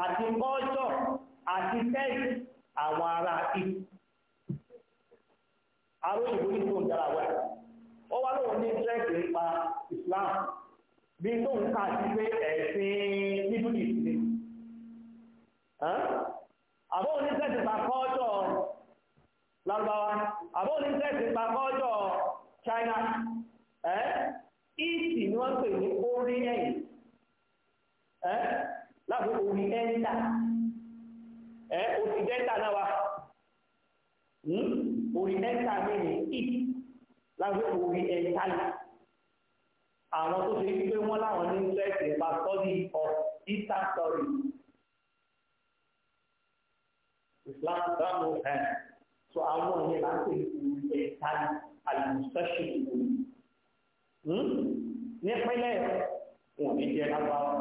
Speaker 2: àti kọ́ọ̀tọ̀ àti tẹ́ẹ̀sì àwọn ará kí aróyìnbó ní tó ń dára wẹ̀ ó wá lóun ní tẹ́ẹ̀sì nípa Islam bí tó ń kà sí pé ẹ̀sìn middle east àbọ̀ ní tẹ́ẹ̀sì pa kọ́ọ̀tọ̀ lárúbáwá àbọ̀ ní tẹ́ẹ̀sì pa kọ́ọ̀tọ̀ China ìsì ni wọ́n pè ní láàbò orí ẹ́ńtà ẹ́ orí dẹ́ńtà náà wá hmm? orí ẹ́ńtà mẹ́rin it láàbò orí ẹ́ńtà yìí àwọn tó ṣe wípé wọ́n láwọn ní sẹ́ẹ̀sì nípa study of eastern story Islam sàmù ẹ̀ eh. so àwọn yẹn là ń pè ní orí ẹ́ńtà yìí àlùsẹ́ṣì ìwòye hmm? nípínlẹ̀ wọn ní jẹ́ lágbára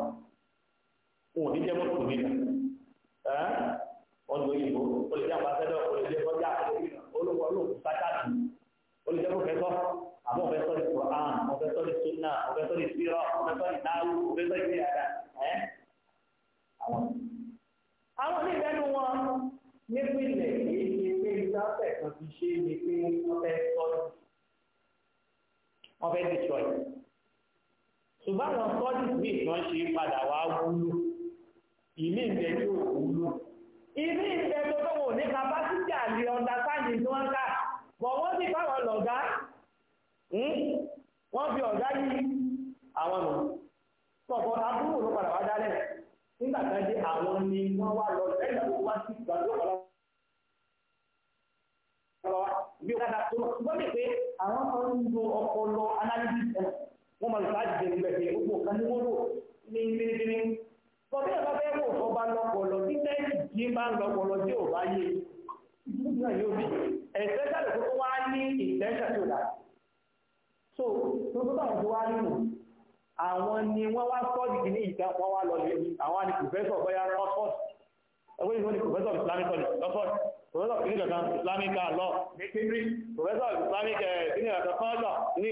Speaker 1: òun ní jẹ́ mọ́tò mi nà
Speaker 2: ọdún òyìnbó ó lè jẹ́ àpàtẹ́dọ̀ ó lè jẹ́ kọjá olówó olóòkú sátáàtì ó lè jẹ́ pòfẹ́sọ́ àbọ̀ pòfẹ́sọ́ ní Quran pòfẹ́sọ́ ní sunna pòfẹ́sọ́ ní sírọ̀ pòfẹ́sọ́ ní náwó pòfẹ́sọ́ ní ìyàrá ẹ́ àwọn. àwọn oníbẹ̀nu wọn nípìnlẹ̀ èyí pé ìgbàfẹ́ kan ti ṣe ni pé wọ́n fẹ́ sọ́dún wọ́n fẹ́ dìtọ́yì ṣùgbọ́n àwọn sọ́dún míì kan ṣe padà wá wúlò ìmí ìbẹ̀ ní òwúlò ìmí ìbẹ̀ tó tó wò ní kapásítì àlè ọ̀dà sáyìn tó ń ká bọ̀ wọ́n ti fáwọn lọ̀gá hmm? wọ́n fi ọ̀gá yí àwọn nù pọ̀pọ̀ abúrò ló padà wá dálẹ̀ nígbà kan dé àwọn ni wọ́n wá lọ lẹ́yìn àwọn wá sí ìgbà tó kọ́lá bí ọ̀gá tó wọ́n lè pé àwọn kan ń lo ọpọlọ analysis wọn máa lọ sáájú jẹ́ nígbà tí gbogbo kan ní wọ́n lò ní Bọ̀dé ọ̀gá bẹ́ẹ̀ mú ọ̀tọ́ bá lọ́pọ̀lọ́ tí tẹ́ẹ̀kì tí bá ń lọ́pọ̀lọ́ tí ò bá yé ìgbúgbà yóò bí. Ẹ̀sẹ̀ sàlẹ̀ tó tó wá ní ìtẹ́ṣà tó dà. So, tó tó báwọn tó wá nínú, àwọn ni wọ́n wá sọ́ọ̀dì kì ní ìta wọ́n wá lọ lé àwọn ni pòfẹ́sọ̀ bọ́yá lọ́sọ̀t. Ẹgbẹ́ ìwọ́n ni pòfẹ́sọ̀ Islamic College lọ́sọ̀t. Pòfẹ́sọ̀ Clinic kan Islamic Law ní Cambridge. Pòfẹ́sọ̀ Islamic Clinic kan Kọ́ńdọ̀ ní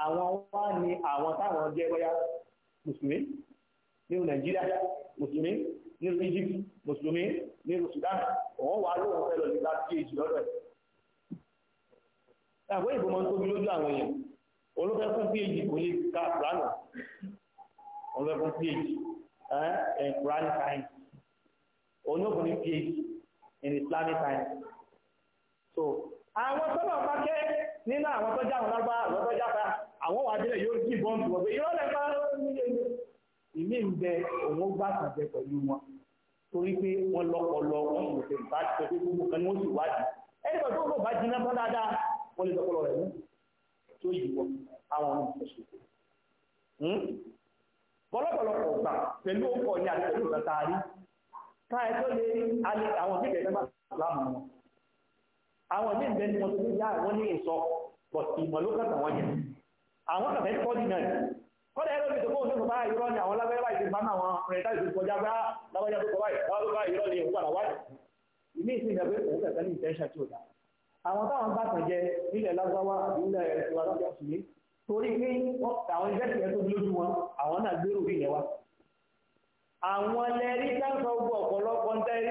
Speaker 2: Àwọn wá ni àwọn táwọn jẹ́ bọ́yá Mùsùlùmí nínú nàìjíríà mùsùlùmí nínú egypt mùsùlùmí nínú sudan òun wà lóun fẹ́ lọ sí bá phd lọ́dọ̀ ẹ̀ àwọn ìbò máa ń tóbi lójú àwọn èèyàn olófẹ́ fún phd kò lè ka kùránù olófẹ́ fún phd ẹ̀ kùránù science onígbò ní phd in islamic science
Speaker 1: so àwọn tọ́lọ̀ bá kẹ́ nínú àwọn tọ́jà àwọn lágbá àwọn tọ́jà fa àwọn wà á délẹ̀ yóò jí bọ́ǹdù wọ̀ ìrọ̀lẹ́ bá ń
Speaker 2: ìmí ń bẹ òun ó gbà kàjẹ pẹ̀lú wọn torí pé wọ́n lọ́pọlọ wọ́n sì lè bá ti pẹ̀lú gbogbo kan ni wọ́n sì wádìí ẹni pẹ̀lú tó bá jiná tán dáadáa wọ́n lè lọ́pọlọ rẹ̀ mú tó yìí wọ àwọn ọmọ ìfẹsùn bọ́lọ́pọ̀lọpọ̀ hmm? ọ̀gbà pẹ̀lú ọkọ̀ ní àti pẹ̀lú ìkàtà rí káyẹ tó lè alẹ́ àwọn ìbílẹ̀ ẹ̀fẹ́ bá láàmù wọn àwọn ìbí ìbẹ́ni wọn tó ní yá àwọn ní ìsọ bọ̀tì ìmọ̀ ló kàtà wọn yẹn àwọn kàtà ẹ̀kọ́ dínà kọ́dà ẹ̀rọ ìdìbò òun tó bá irọ́ ni àwọn lábẹ́rẹ́ báyìí ti bá náà wọn rẹ̀ táyì tó kọjá bá lábẹ́rẹ́ tó kọjá báyìí lábẹ́rẹ́ báyìí irọ́ ni òun padà wáyé ìmí ìsìn ìdàgbé òun kẹ̀kẹ́ ní ìtẹ́ṣà tí ò dá àwọn táwọn bá tàn jẹ nílẹ̀ lágbáwá nílẹ̀ ìwà lọ́jà sùnmí torí pé àwọn iṣẹ́ tiẹ̀ tó lójú wọn àwọn náà gbèrò bí ìyẹn wá àwọn lẹ́rí táǹsọ̀ gbọ́ ọ̀pọ̀lọpọ̀ ń tẹ́rí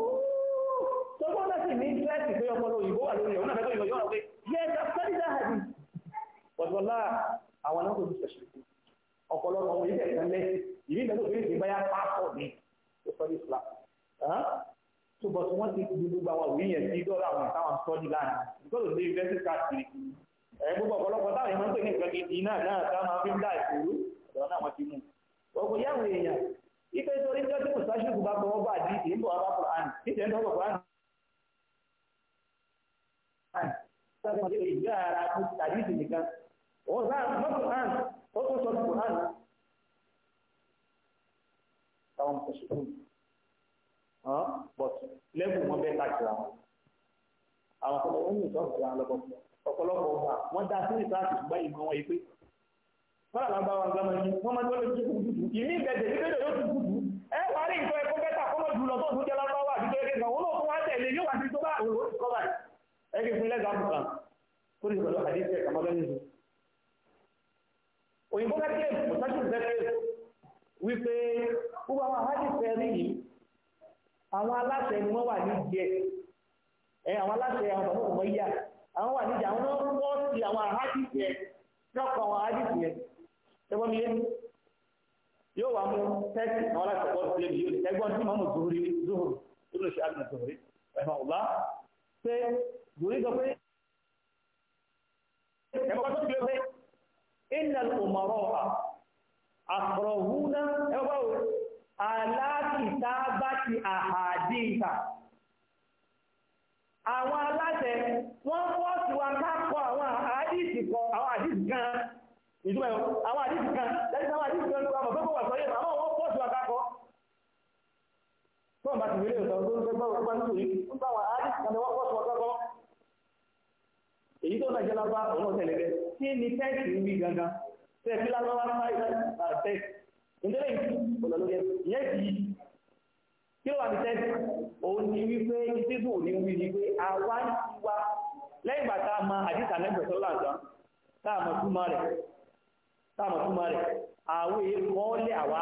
Speaker 2: sì ní kíláàsì pé ọpọlọ òyìnbó wà lórí ẹ̀ òun àfẹ́kọ̀ọ́ yọ ọ̀rọ̀ pé yẹ ká sẹ́ni dáhà ní ọ̀dọ́lá àwọn náà kò ní ṣẹ̀ṣẹ̀ sí ọ̀pọ̀lọpọ̀ ọmọ ìdílé ẹ̀sán lẹ́sìn ìrí ìlẹ́nu òfin ìgbà yá pásọ̀ ní ó sọ ní Islam tó bọ̀ tí wọ́n ti di gbogbo àwọn òwe yẹn sí dọ́là àwọn táwọn sọ́ọ́dì láàrin nítorí òde university káàkiri ẹ̀ gbogbo ọ̀pọ̀lọpọ̀ táwọn èèyàn ń pè ní nǹkan gidi náà náà táwọn fi ń dá ìṣòro ọ̀dọ̀ náà wọ́n ti mú ọkọ̀ yáwọn èèyàn ipe torí jọ́sí sábà ní ìgbà ara fún tàbíìsì nìkan òun sáà mọ́tò hàn ó tó sọ kò hàn táwọn kò sí fún but lẹ́bùn wọn bẹ́ẹ̀ káàkiri àwọn àwọn tó ń mú ìtọ́jú àwọn lọ́kọ̀ ọ̀pọ̀lọpọ̀ ọgbà wọ́n dá sí ìtọ́jú ṣùgbọ́n ìmọ̀ wọn yìí pé wọ́n làwọn bá wọn gbọ́mọ ní wọ́n máa ń lọ́lọ́ ìjọba òdùdù ìní ìbẹ̀jẹ̀ ní bẹ́ẹ̀ yóò tún dùdù ẹ wà rí ìtọ́ ẹ̀kọ́ bẹ́tà kọ́mọ̀ jù lọ tó ń jẹ́ lọ́wọ́ àdúgbò ẹgbẹ́ kan wọn náà tún wá tẹ̀lé yóò wá sí tó bá òwò kọ́ báyìí ẹgbẹ́ ìpínlẹ̀ gàmù kan tó ní pẹ̀lú àdéhùn ẹ̀ka mọ́lẹ́ nìyí. wípé gbogbo àwọn àhádìsẹ́ rí yìí àwọn aláṣẹ ni wọ́n wà ní díẹ̀ ẹ àwọn aláṣẹ àwọn bàbá òmò yíyà àwọn wà nídìí àwọn ti àwọn àwọn mi yóò wà mú àwọn aláṣẹ yóò tí zuhuri zuhuri ṣe zuhuri ẹ̀fọn pé Gòrí sọ pé ẹ̀kọ́ tó ti lè pé innal umara akrahuna ẹgbẹ́ o alákìtábàtì àhàdíta
Speaker 1: àwọn aláṣẹ wọ́n wọ́n wa kápọ̀ àwọn kan àwọn
Speaker 2: kan àwọn kan lẹ́yìn àwọn kan tó wà tó wa kápọ̀ èyí tó tàjẹ́ lábá ọ̀nà tí ní nri ń wí gangan tẹ́ fi lábá wá sáì ìdílé yìí ọ̀nà ló yẹ ìyẹn kì í kí ló wà ní tẹ́ẹ̀kì òun ni wípé ìdíbò ní wí ni pé àwa ń wá lẹ́yìn ìgbà a lẹ́gbẹ̀ẹ́ tá a túmọ̀ rẹ̀ tá a túmọ̀ rẹ̀ àwọn lé àwa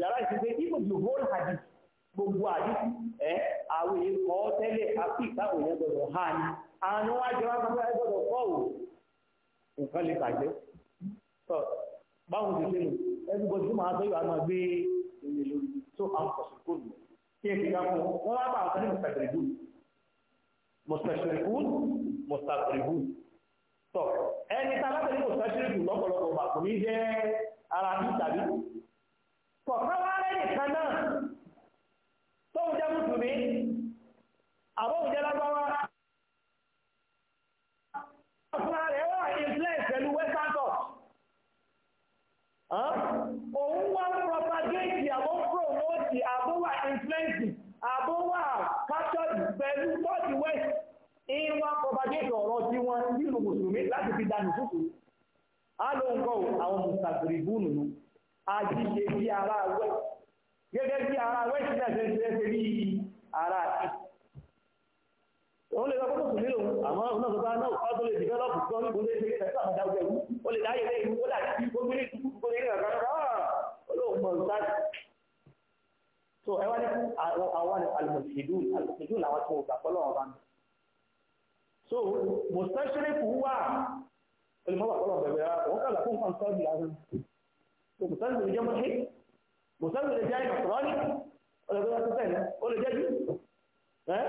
Speaker 2: yàrá ìṣẹ́gbé even the whole hadith gbogbo hadith ẹ̀ àwọn èyí kọ́ tẹ́lẹ̀ àti ìtàkùn yẹn gbọdọ̀ ha ni àwọn àjọ akọ́kọ́ yẹn gbọdọ̀ kọ́ ò nǹkan lè bàjẹ́ sọ báwọn ti ṣe nù everybody tó máa sọ́yọ̀ àmọ́ gbé ilé lórí tó àǹkọ̀sùn kò lù kí ẹ fi ká fún wọn wá bá àwọn sẹ́ni mọ̀tàkìrìbù mọ̀tàkìrìbù mọ̀tàkìrìbù tọ ẹni tá a lábẹ́ kọ̀ọ̀kan wá rẹ́nì kan náà tóun jẹ́ mùsùlùmí àbóhùn jẹ́ lágbáwá ọ̀fúnra rẹ̀ wà influence pẹ̀lú western thought òun wá propagate àbó promote àbó wà influence àbó wà captured pẹ̀lú thought west ìwọ̀n propagate ọ̀rọ̀ tí wọ́n nílùú mùsùlùmí láti fi dànù fúfú á lóun kọ́ àwọn mùsàgbèrè búùnù nù ajíṣe bí ara wẹ́ gẹ́gẹ́ bí ara wẹ́ ti dẹ̀ṣẹ̀ ṣe ṣe bí ara kí òun lè lọ́pọ̀ tòun nílò àmọ́ òun náà tó bá náà kọ́ tó lè dìvẹ́lọ́pù kan níbo lè ṣe ní ẹ̀sẹ̀ àmàdá ọjọ́ ìwú ó lè dáyé lẹ́yìn ó láti fi gbogbo ní ìtúkú gbogbo ní ìrìnàkan náà olóhùn mọ̀ sáàtì so ẹ wá ní fún àwọn alùpùpù alùpùpù làwọn tó gbà fọlọ́ ọba mi so mọ̀sẹ́sẹ́rẹ́kù wà olùmọ̀gbà fọlọ́ bẹ̀rẹ̀ òun kàgbà fún nǹkan sọ́ọ̀dì lásán mùsàlùmí lè jẹ́ mọ́ṣí mùsàlùmí lè jẹ́ ìmọ̀tòrọ́lì ọlọ́gbẹ́ wọn tó tẹ̀lé ó lè jẹ́ jù ẹ́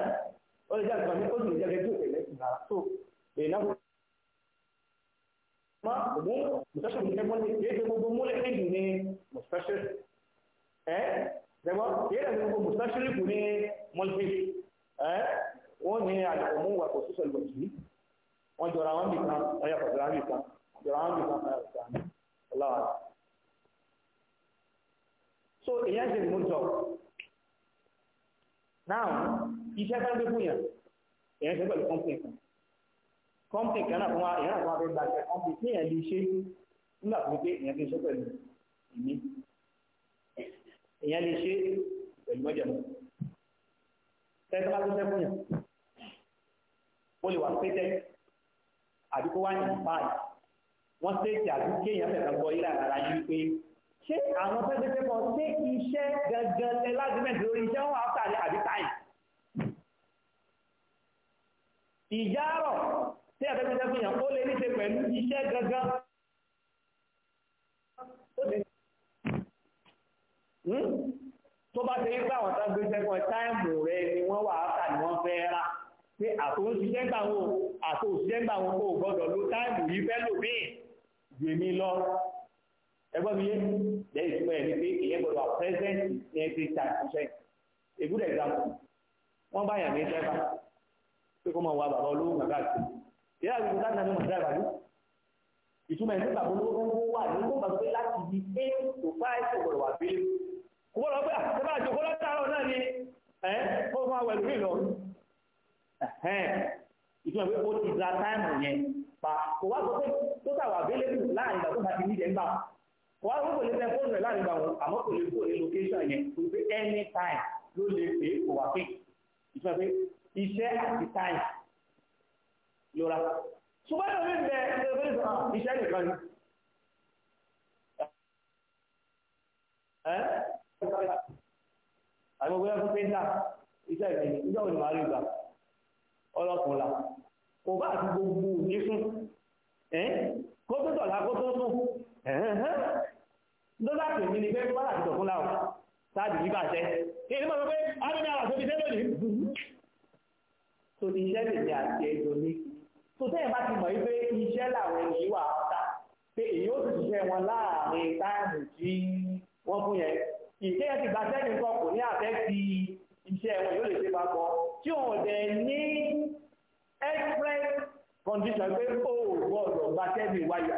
Speaker 2: ó lè jẹ́ àgbàmí ó sì lè jẹ́ gẹ́gẹ́ jù tẹ̀lé ìgbàlá tó lè náà ma òun mùsàlùmí lè jẹ́ mọ́ṣí yéé ṣe gbogbo múlẹ̀ ẹ̀jù ní mùsàlùmí ẹ́ dẹ́gbọ́n yéé ṣe gbogbo mùsàlùmí kù ní mọ́ṣí ẹ́ wọ́n ní àlùkò mú wà kò sísọ ìwọ̀sí wọ́n jọra wọn bìkan so èyàn sì mú jọ now iṣẹ́ tó ń gbé fún yàn èyàn ṣe pẹ̀lú company kan company kan náà fún wa èyàn náà fún wa fẹ́ gba ṣe company tí èyàn lè ṣe nígbà tó gbé èyàn lè ṣe pẹ̀lú ìní èyàn lè ṣe pẹ̀lú mọ́jọ tẹ́tẹ́ bá tó ṣe fún yàn ó lè wà pété àdúgbò wá ní báyìí wọ́n ṣe é ti àdúgbò kéèyàn fẹ̀sán gbọ́ yìí lára yìí pé ṣé àwọn fẹ́ tẹ́tẹ́ kan ṣé iṣẹ́ gangan lẹ lágbẹ́mẹ̀tì lórí iṣẹ́ wọn áfà ní àbí táì ìjárọ̀ tí ẹ̀fẹ́ tẹ́tẹ́ fún yàn ó lè ní ṣe pẹ̀lú iṣẹ́ gangan hmm? tó bá ṣe ń gbà wọn tán gbé sẹ́kọ̀ọ́ táìmù rẹ ni wọ́n wà áfà ni wọ́n fẹ́ rà pé àtòóṣiṣẹ́ gbà wọn àtòóṣiṣẹ́ gbà wọn kò gbọ́dọ̀ ló táìmù yìí fẹ́ lòmíì gbèmí lọ ẹgbọ́n mi yé lẹ́yìn tí mo yẹ ni pé èyẹ gbọ́dọ̀ wà present ní every time to check a good example wọ́n bá yàn ní driver pé kó máa wà bàbá olówó kàkà sí i ìyá àgbègbè láti nàní mọ̀ driver ní ìtumọ̀ ẹ̀sìn bàbá olówó kó wà ní kó bàbá pé láti di eight to five kó gbọ́dọ̀ wà bílẹ̀ kó gbọ́dọ̀ pé àtẹ́bà ah, àjòkó látàárọ̀ náà ni ẹ̀ kó máa wẹ̀ lórí lọ ìtumọ̀ pé ó ti gba táìmù yẹn pa kò wá sọ pé tó tà wà bílẹ̀ láàrin ìgbà tó bá ti ní wọ́n á kò lè fẹ́ fóònù rẹ̀ láàrin gbàgbọ́ àmọ́ kò lè kúrò ní location yẹn kò pé any time ló lè pè é kò wá pé ìfẹ́ pé iṣẹ́ àti time ló ra ṣùgbọ́n ní orí bẹ iṣẹ́ nìkan ni àwọn ọgbẹ́ fún pẹ́ńtà iṣẹ́ ìrìn nígbà òní màá rí gbà ọlọ́kùnrin la kò bá àti gbogbo òní sùn kó tó tọ̀lá kó tó sùn dọ́là tó ní ní pé wọ́n láti tọ̀kún láwọ̀ sáàdì ní bàjẹ́ èyí mọ̀ pé a ní àwọn àtòbí tẹ́lẹ̀ ní tó ní iṣẹ́ lè ní àti ẹjọ́ ní tó tẹ́yìn bá ti mọ̀ wípé iṣẹ́ làwọn ènìyàn wà ọ̀tá pé èyí ó sì ṣiṣẹ́ wọn láàrin táàmù tí wọ́n fún yẹn ìkéyẹ ti gbà sẹ́yìn kan kò ní àfẹ́ ti iṣẹ́ wọn yóò lè ṣe papọ̀ tí òun dẹ̀ ní express condition pé ó gbọ́dọ̀ gbà sẹ́yìn wáyà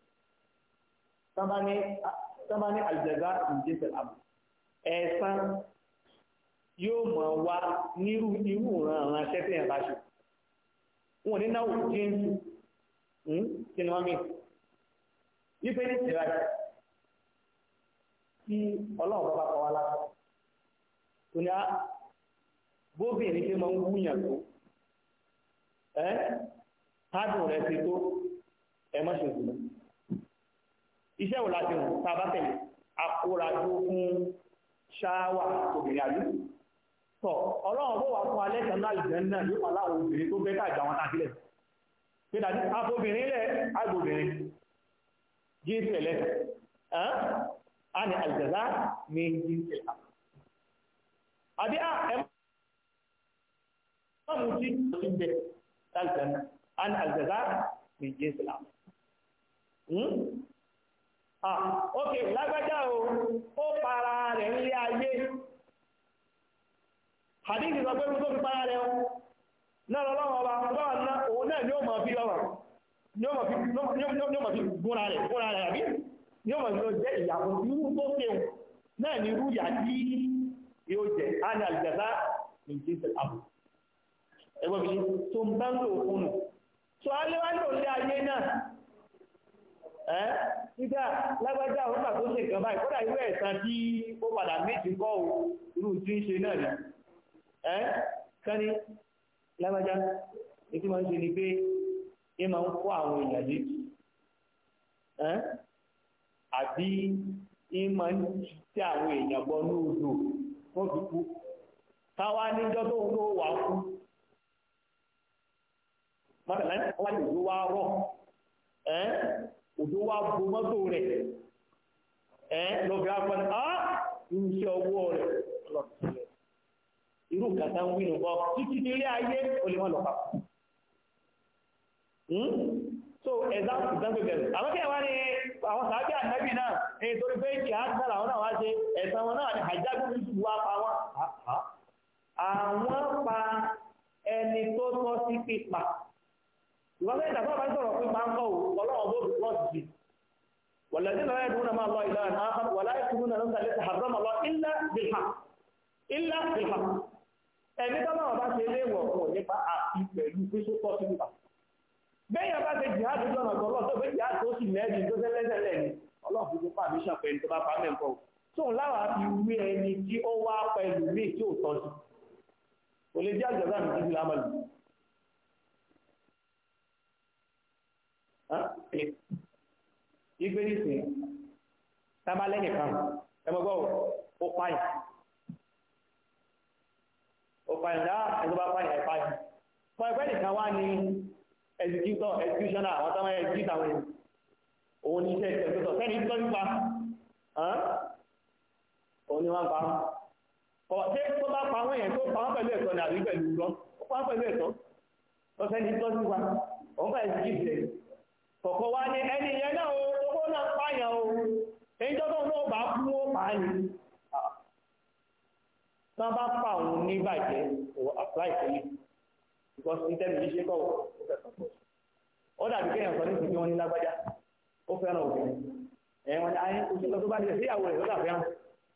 Speaker 2: tọ́ba ní àlùjẹ̀dá ìjẹsẹ̀ àbù ẹ̀san yóò mọ̀ wá nírú irú ìran àwọn aṣẹ́fẹ́ yẹn bá ṣe wọn ní náwó jíǹsì hmm? kí ni wọ́n mí ní pé ní ìsìnláyà tí ọlọ́run bá bá kọ́ wá lásán tó ní á bóbìnrin tí máa ń wúyàn tó ẹ́ tádùn rẹ̀ ti tó ẹ̀ mọ́ṣẹ́ ìsìnláyà iṣẹ́ wò láti rùn tàbá tẹ̀lé àkórajú fún ṣáwà obìnrin àlú tọ̀ ọlọ́run bó wà fún alẹ́ tẹ̀lé àlùjẹ́ náà yóò pàlá àwọn obìnrin tó bẹ́ẹ̀ tàjà wọn tàbílẹ̀ pé dàbí abobìnrin lẹ̀ agbobìnrin jíǹsì ẹlẹ́sẹ̀ á ní àlùjẹ́sà ní jíǹsì ẹlẹ́sẹ̀ àbí à ẹ̀ mọ́ mú sí ìbẹ̀ tàlùjẹ́ náà á ní àlùjẹ́sà ní jíǹsì ẹlẹ́sẹ̀ hmm? ókè ah, lágbájá o ó para rẹ̀ nílé ayé hadithi sọ pé tó fi para rẹ̀ o náà lọ́wọ́ ọba lọ́wọ́ náà òun náà ni ó mọ̀ fi lọ́wọ́ ni ó mọ̀ fi gúnra rẹ̀ gúnra rẹ̀ àbí ni ó mọ̀ fi jẹ́ ìyàwó irú tó kéwù náà ni irú yà tí yóò jẹ́ á ní àlùjàdá ní jíṣẹ́ àbò ẹgbẹ́ mi tó ń bá ń lò fún un tó aléwájú ilé ayé náà ẹ́ nígbà lágbájá òun pàtó ṣe nǹkan báyìí kódà ẹ̀sán tí ó padà méjì kọ́ ò irú tí ń ṣe náà ni ẹ́ kání lágbájá ètí ń ṣe ni pé máa ń àwọn èèyàn ẹ́ àbí máa ń àwọn èèyàn bọ́ ní odò wọ́n fi kú táwa níjọ́ òjò wá bo mọ́tò rẹ̀ ẹ́ lọ́bẹ̀ apẹ́ni á ah, irúṣẹ́ ọwọ́ rẹ̀ lọ́tọ̀ọ̀lẹ̀ irú kàtà ń wínú bọ́ títí nílé ayé ó lè má lọ hmm? so example ìdánwò bẹ̀rẹ̀ àwọn ni àwọn sàábí ànábì náà èyí torí pé kì á sára àwọn náà wá ṣe ẹ̀sán wọn náà ni àjágbó ní ìlú wa pa wọn àwọn pa ẹni tó tọ́ sí pípa ìwọ́n fẹ́ ìdàgbà bá sọ̀rọ̀ pé máa ń kọ́ ọlọ́wọ́ bó bí wọ́n ti wàlẹ́dí náà yẹ́dùn náà máa lọ ìlà àhàn wàláyé kúrú náà lọ́sà lẹ́sà àbúrọ̀mà lọ ilá bìlhà ilá bìlhà ẹ̀mí tọ́lá ọba ṣe ilé ìwọ̀ fún nípa àti pẹ̀lú pé só tọ́ sí nípa bẹ́ẹ̀ bá ṣe jihad lọ́nà tó lọ́sọ̀ pé jihad tó sì mẹ́rin tó sẹ́lẹ́sẹ̀lẹ̀ ni ọlọ́run ti pa àmìṣàn pẹ̀lú tó bá pa mẹ́ nǹkan tó ń láwàá fi wé ẹni tí ó wá pẹ̀lú mí tí ò tọ́ sí kò lè jẹ́ àjọ̀dá mi ìgbé nìsín tábà lẹ́nìkan ẹgbẹ́gbọ́ ó pààyàn ó pààyàn dá ẹgbẹ́ bá pààyàn ẹ̀ pààyàn fún ẹgbẹ́ nìkan wá ní executor executioner àwọn táwọn execute àwọn èèyàn òun ní iṣẹ́ executor sẹ́ni tó ń pa òun ni wọ́n pa ṣé tó bá pa àwọn èèyàn tó pa wọ́n pẹ̀lú ẹ̀tọ́ ni àbí pẹ̀lú ìgbọ́ ó pa wọ́n pẹ̀lú ẹ̀tọ́ lọ́sẹ̀ ní tó ń pa òun pa execute kọ̀kọ́ wa ní ẹni yẹn o náà pààyàn ohun èyí tó náà bá kú ó pa pa òun ní bàjẹ́ ìwọ apply for because ní kọ́ ó dàbí kéèyàn wọn ní lágbájá ó fẹ́ràn ẹ̀wọ̀n ayé oṣù tó bá dé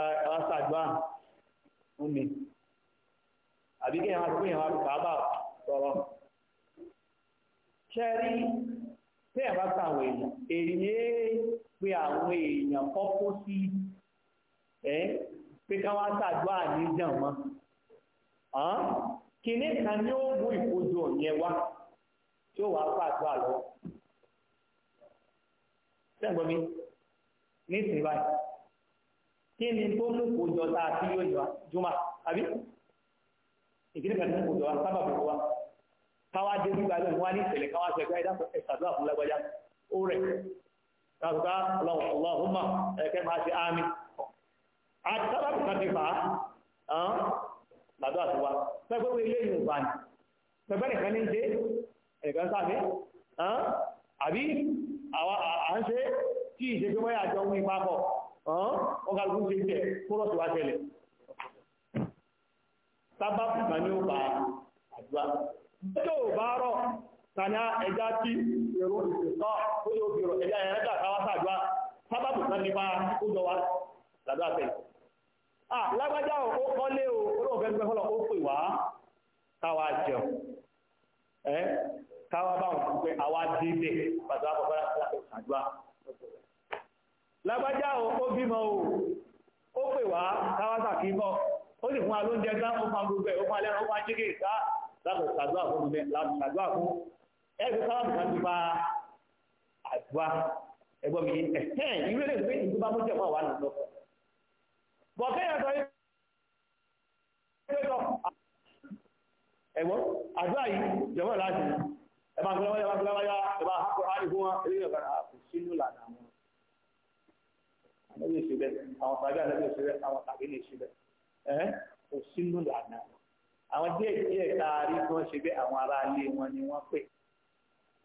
Speaker 2: ẹwà sàgbà ń mi àbí kí ẹwà gbé ẹwà kàábà sọ̀rọ̀ ṣẹ́rí tí ẹ̀bá sàwọn èèyàn èèyàn pé àwọn èèyàn kọ́kọ́ sí ẹ́ pé káwá sàgbà ní jàmọ́ kìíní kan ní ó mú ìkójọ yẹn wá tí ó wàá pàdúrà lọ sẹ́gbọ́n mi ní ìsìn báyìí kí ni tó mú kó jọ tá a ti yóò jọ jùmọ àbí ìkíni kan tó mú kó jọ sábà bò wá káwá dé nígbà lónìí wá ní ìṣẹ̀lẹ̀ káwá ṣẹgbẹ ẹ̀dá ẹsàdúrà fún lágbájá ó rẹ káàkùká ọlọ́hùnmá ẹkẹ máa ṣe àmì àti sábà bò kan ti fà á làdúrà ti wá pẹpẹ pé ilé yìí ń ní pẹpẹ nìkan ní ṣe ẹnìkan sáfẹ àbí àwọn à tí ìṣèjọba yà jọ ń wí pápọ̀ ọ̀gá lókun ṣe tẹ̀ kó rọ̀ tó wá tẹ̀lẹ̀ sábà fìgbà ní ó pa àdúrà tó bá rọ̀ tani ẹja tí èrò ìṣẹ̀tọ́ tó yóò fi rọ̀ ẹja ẹ̀rẹ́ káwá sàdúrà ah lágbájá ò kọ́lé o olóòfẹ́ gbẹ́ fọ́lọ̀ ó pè wá káwa jẹun ẹ káwa báwọn pé àwa délé pàtàkì lágbájá o ó bímọ o ó pè wá káwásà kí bọ́ ó sì fún alóúnjẹ gán ó fún gbogbo ẹ̀ ó fún alẹ́ ó fún ajíkè ká láti ṣàdúrà fún mi láti ṣàdúrà fún ẹ̀rí káwásà kan ti fa àdúrà ẹgbọ́n mi ẹ̀hẹ́n irú èdè pé ìjọba mú jẹ̀mọ́ wà nù lọ bọ̀ kẹ́yìn ọ̀sán yìí ẹ̀wọ́n àdúrà yìí jẹ̀mọ́ láti ẹ̀bá gbọ́lọ́wọ́ ẹ̀bá gbọ́lọ́wọ́ ẹ̀bá ànábì ṣe bẹ́ẹ̀ àwọn tàbí ànábì ṣe bẹ́ẹ̀ àwọn tàbí lè ṣe bẹ́ẹ̀ ẹ́ kò sínú lànà àwọn díẹ̀ díẹ̀ tá a rí tí wọ́n ṣe bẹ́ẹ̀ àwọn ará ilé wọn ni wọ́n pè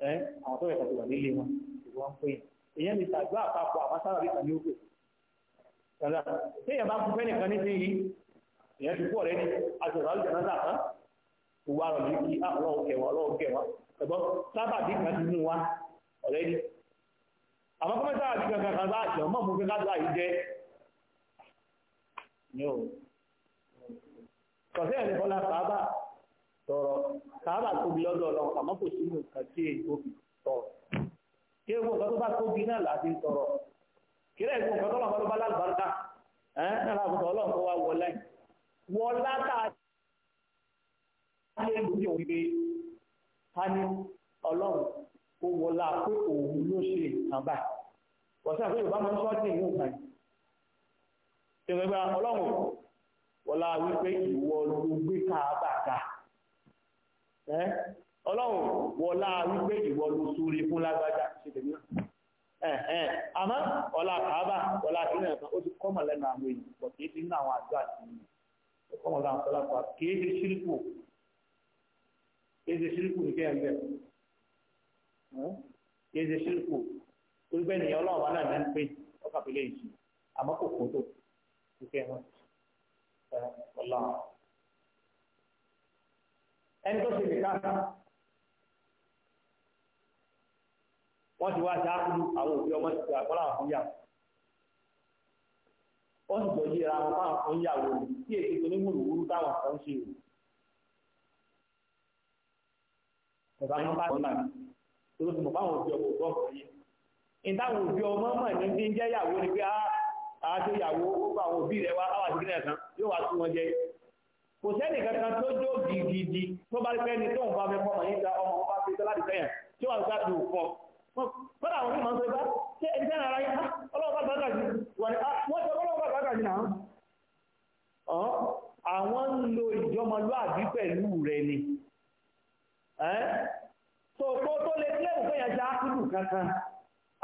Speaker 2: ẹ́ àwọn tó yẹ kàtó wà nílé wọn ìwọ ń pè èyàn lè tàgbọ́ àpapọ̀ àwọn sábà bí kàní ó pè kàlá téèyàn bá kú fẹ́ẹ̀ nìkan ní síyí èyàn ti kú ọ̀rẹ́ ní àtọ̀rọ̀ àlùjọ náà náà tán òwò àrọ̀ ní kí àwọn ah, àmọ́ kọ́ mẹ́ta àti kankan kan bá àṣẹ ọmọ mú kí káàdùn àyí jẹ́ ní o
Speaker 1: kọ̀sẹ́ ẹ̀rẹ́ fọlá sábà
Speaker 2: tọrọ sábà tóbi lọ́dọ̀ ọlọ́run àmọ́ kò sínú nǹkan tí èyí tóbi tọrọ kí ewu nǹkan tó bá tóbi náà láti tọrọ kí lẹ́yìn tó nǹkan tó lọ́wọ́ tó bá lálùbáríkà ẹ̀ náà láàbùtọ̀ ọlọ́run tó wá wọlá tá ní ọlọ́run ó wọlá pé òun ló ṣe nǹkan báyìí wọ́n yorùbá máa ń sọ́ sí ìlú nǹkan yìí ìgbà ọlọ́run wọlá wípé ìwọ ló gbé káàbà ọlọ́run wọlá wípé ìwọ ló súre fún lágbájá ṣe náà àmọ́ ọlá káàbà wọlá ti àwọn èèyàn pọ̀ kì í ti ní àwọn àjọ àti ìlú ó àwọn kì í ti kì Hm? kí ṣe ṣírkù torí bẹ́ẹ̀ nìyẹn ọlọ́run wa náà máa ń pè ọkà pélé yìí àmọ́ kò kó tó kíkẹ́ wọn ọlọ́run. ẹni tó ṣe nìkan wọ́n ti wá ṣáájú àwọn òbí ọmọ ti gbà kọ́lá àwọn yà wọ́n sì jọ̀ọ́ yíra wọn fáwọn kan yàwó tí èsì tó ní mùrùwúrú táwọn kan ṣe o. Ìbámu bá wọn náà. tó ti mọ̀ báwọn òbí ọmọ ògbọ́n kan yé ìtàwọn òbí ọmọ mọ̀ ní ti ń jẹ́ ìyàwó ni pé àti ah, ìyàwó gbogbo àwọn òbí rẹ̀ wá láwà sí kílẹ̀ kan yóò wá tún wọn kò kankan tó jó gidigidi tó bá fẹ́ ni bá fẹ́ fọmọ ta ọmọ fi tọ́lá tí wọ́n fọ́ ah, ah, àwọn ń tó kó tó lè tí lẹ́wù fẹ́yàn ṣe ákùdù kankan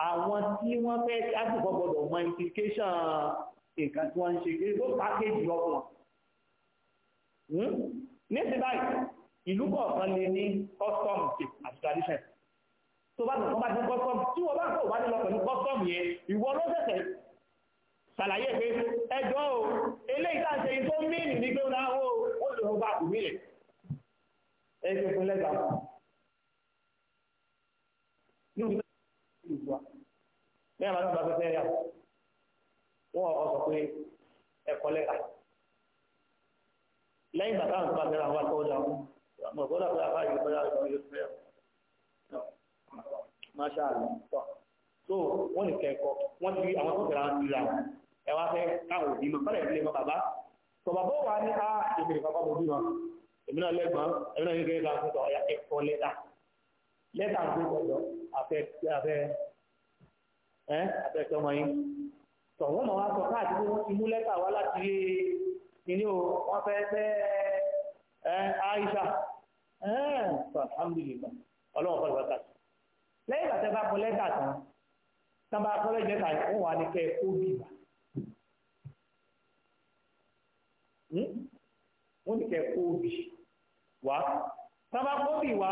Speaker 2: àwọn tí wọ́n fẹ́ ákùkọ gbọdọ̀ mọ implication nǹkan tí wọ́n ń ṣe kí ló pákéjì ọkùn nísìn báyìí ìlú kọ̀ọ̀kan lè ní custom àti tradition tó bá tọ̀kan bá ti custom tí wọ́n bá kọ̀ wá nílọ pẹ̀lú custom yẹn ìwọ ló ṣẹ̀ṣẹ̀ ṣàlàyé pé ẹjọ́ o eléyìí tá à ń ṣe tó mí nì ní pé ó náà ó lè ọba àkùnrin rẹ̀ ẹgbẹ́ fún lẹ́gbàá yóò ní ìlú wa ní àwọn àgbà pẹpẹ yà wọn ọ sọ pé ẹkọ lẹka lẹ́yìn bàtà àwọn ìpàdé àwọn akọwọdà wọn àmọ́ ìgbọdà pé àbá yìí bọdà àwọn yóò fẹ́ máṣá àlù tọ so wọn ní kẹkọ wọn ti àwọn tó tẹra ti ra ẹ wá fẹ́ káwọn òbí mọ kọlẹ ìdílé mọ bàbá tọba bó wà ní ká ìbèrè pápá mo bí wọn èmi náà lẹgbọn èmi náà yóò kéré ká lẹ́tà ń gbé gbọ́dọ̀ afẹ́ afẹ́ ẹ́ afẹ́ tọmọ yín tọ̀wọ́n mọ̀ wá sọ káàdì pé wọ́n ti mú lẹ́tà wá láti rí ní wọ́n fẹ́ fẹ́ ẹ́ Aisha ẹ́ alhamdulilayi ọlọ́wọ́ fọ́lọ́ bàtà lẹ́yìn ìgbà tẹ́ bá kọ lẹ́tà tán tán bá kọ́ lẹ́jẹ́ tà wọ́n wà ní kẹ́ kó bìbà hmm? wá tán bá wá.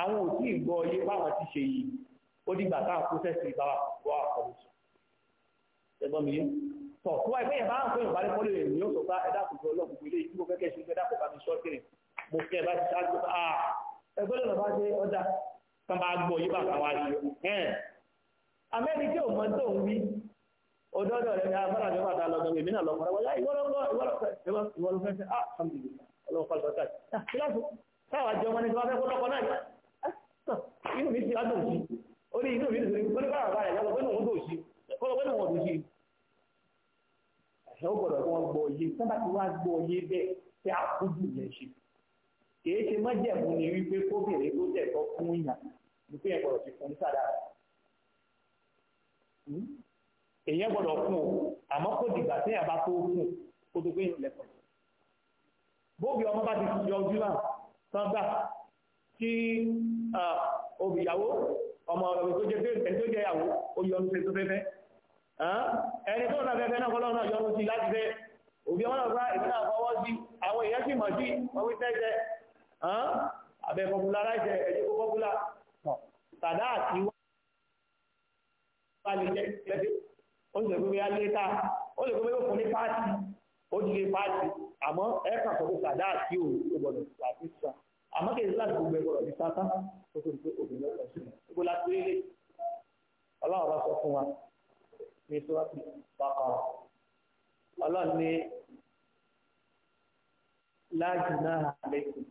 Speaker 2: àwọn ò tí ì gbọ́ ọyé báwọn ti ṣe yìí ó dìgbà táwọn pósẹ́sì bá wà kó àkọlùsọ ẹ̀gbọ́n mi tọ tó wáyé bẹyẹ bá ń fẹyìn balẹ mọlẹ rẹ ni ó sọ pé ẹ̀dá kò gbọ́ ọlọ́pàá gbélé ìdúró kẹkẹ ṣe fẹdá kò bá mi sọ kiri mo fẹ bá ti ṣáájú pé ah ẹgbẹ́ lọ́nà bá ṣe ọjà kan bá gbọ́ yí bá kan wá yí ẹn amẹni tí ò mọ tó ń wí ọdọọdọ rẹ ni abala mi bàtà náà lọkọ inú mi ti wá dùn sí orí inú mi ti wọ́n bá bàbá rẹ̀ lọ́wọ́ pé òun dùn sí kọ́lọ́ pé òun dùn sí. ẹ̀sẹ̀ ó gbọ́dọ̀ kí wọ́n gbọ́ yé sábà tí wọ́n á gbọ́ yé bẹ́ẹ̀ pé àkójù yẹn ṣe kìí ṣe mọ́jẹ̀mú ni wípé kóbìnrin tó tẹ̀tọ́ fún yàn ní pé ẹ̀gbọ́dọ̀ ti o àmọ́ kó dìgbà téèyàn bá tó fún kó tó gbé ìlẹ̀kùn bóbi ọmọ bá ti yọjú náà tán gbà tí obìyàwó ọmọ ọ̀rọ̀ tó jẹ́ ẹni tó jẹ́ ìyàwó ó yọnu fẹ́ tó fẹ́fẹ́ ẹni tó náà fẹ́fẹ́ náà kọ́lọ́ náà yọnu sí láti fẹ́ òbí ọmọ náà bá ìlú náà fọwọ́ sí àwọn èèyàn sì mọ̀ sí ọwọ́ tẹ́jẹ́ abẹ́ pọpula láìsẹ̀ ẹ̀jẹ̀ kó pọpula tàdá àti wá lè jẹ́ lẹ́sẹ̀ ó sì lè gbé létà ó lè gbé fún ní páàtì ó ti lè àmọ́ kí èyí láti gbogbo ẹgbọrọ ní sátá ó tó ń pé obìnrin lọ́wọ́ sí i gbogbo láti rí lẹ́yìn ọlọ́run bá sọ fún wa ní sọ́wọ́sì pàpà ọlọ́run ní láàjù náà lẹ́kùn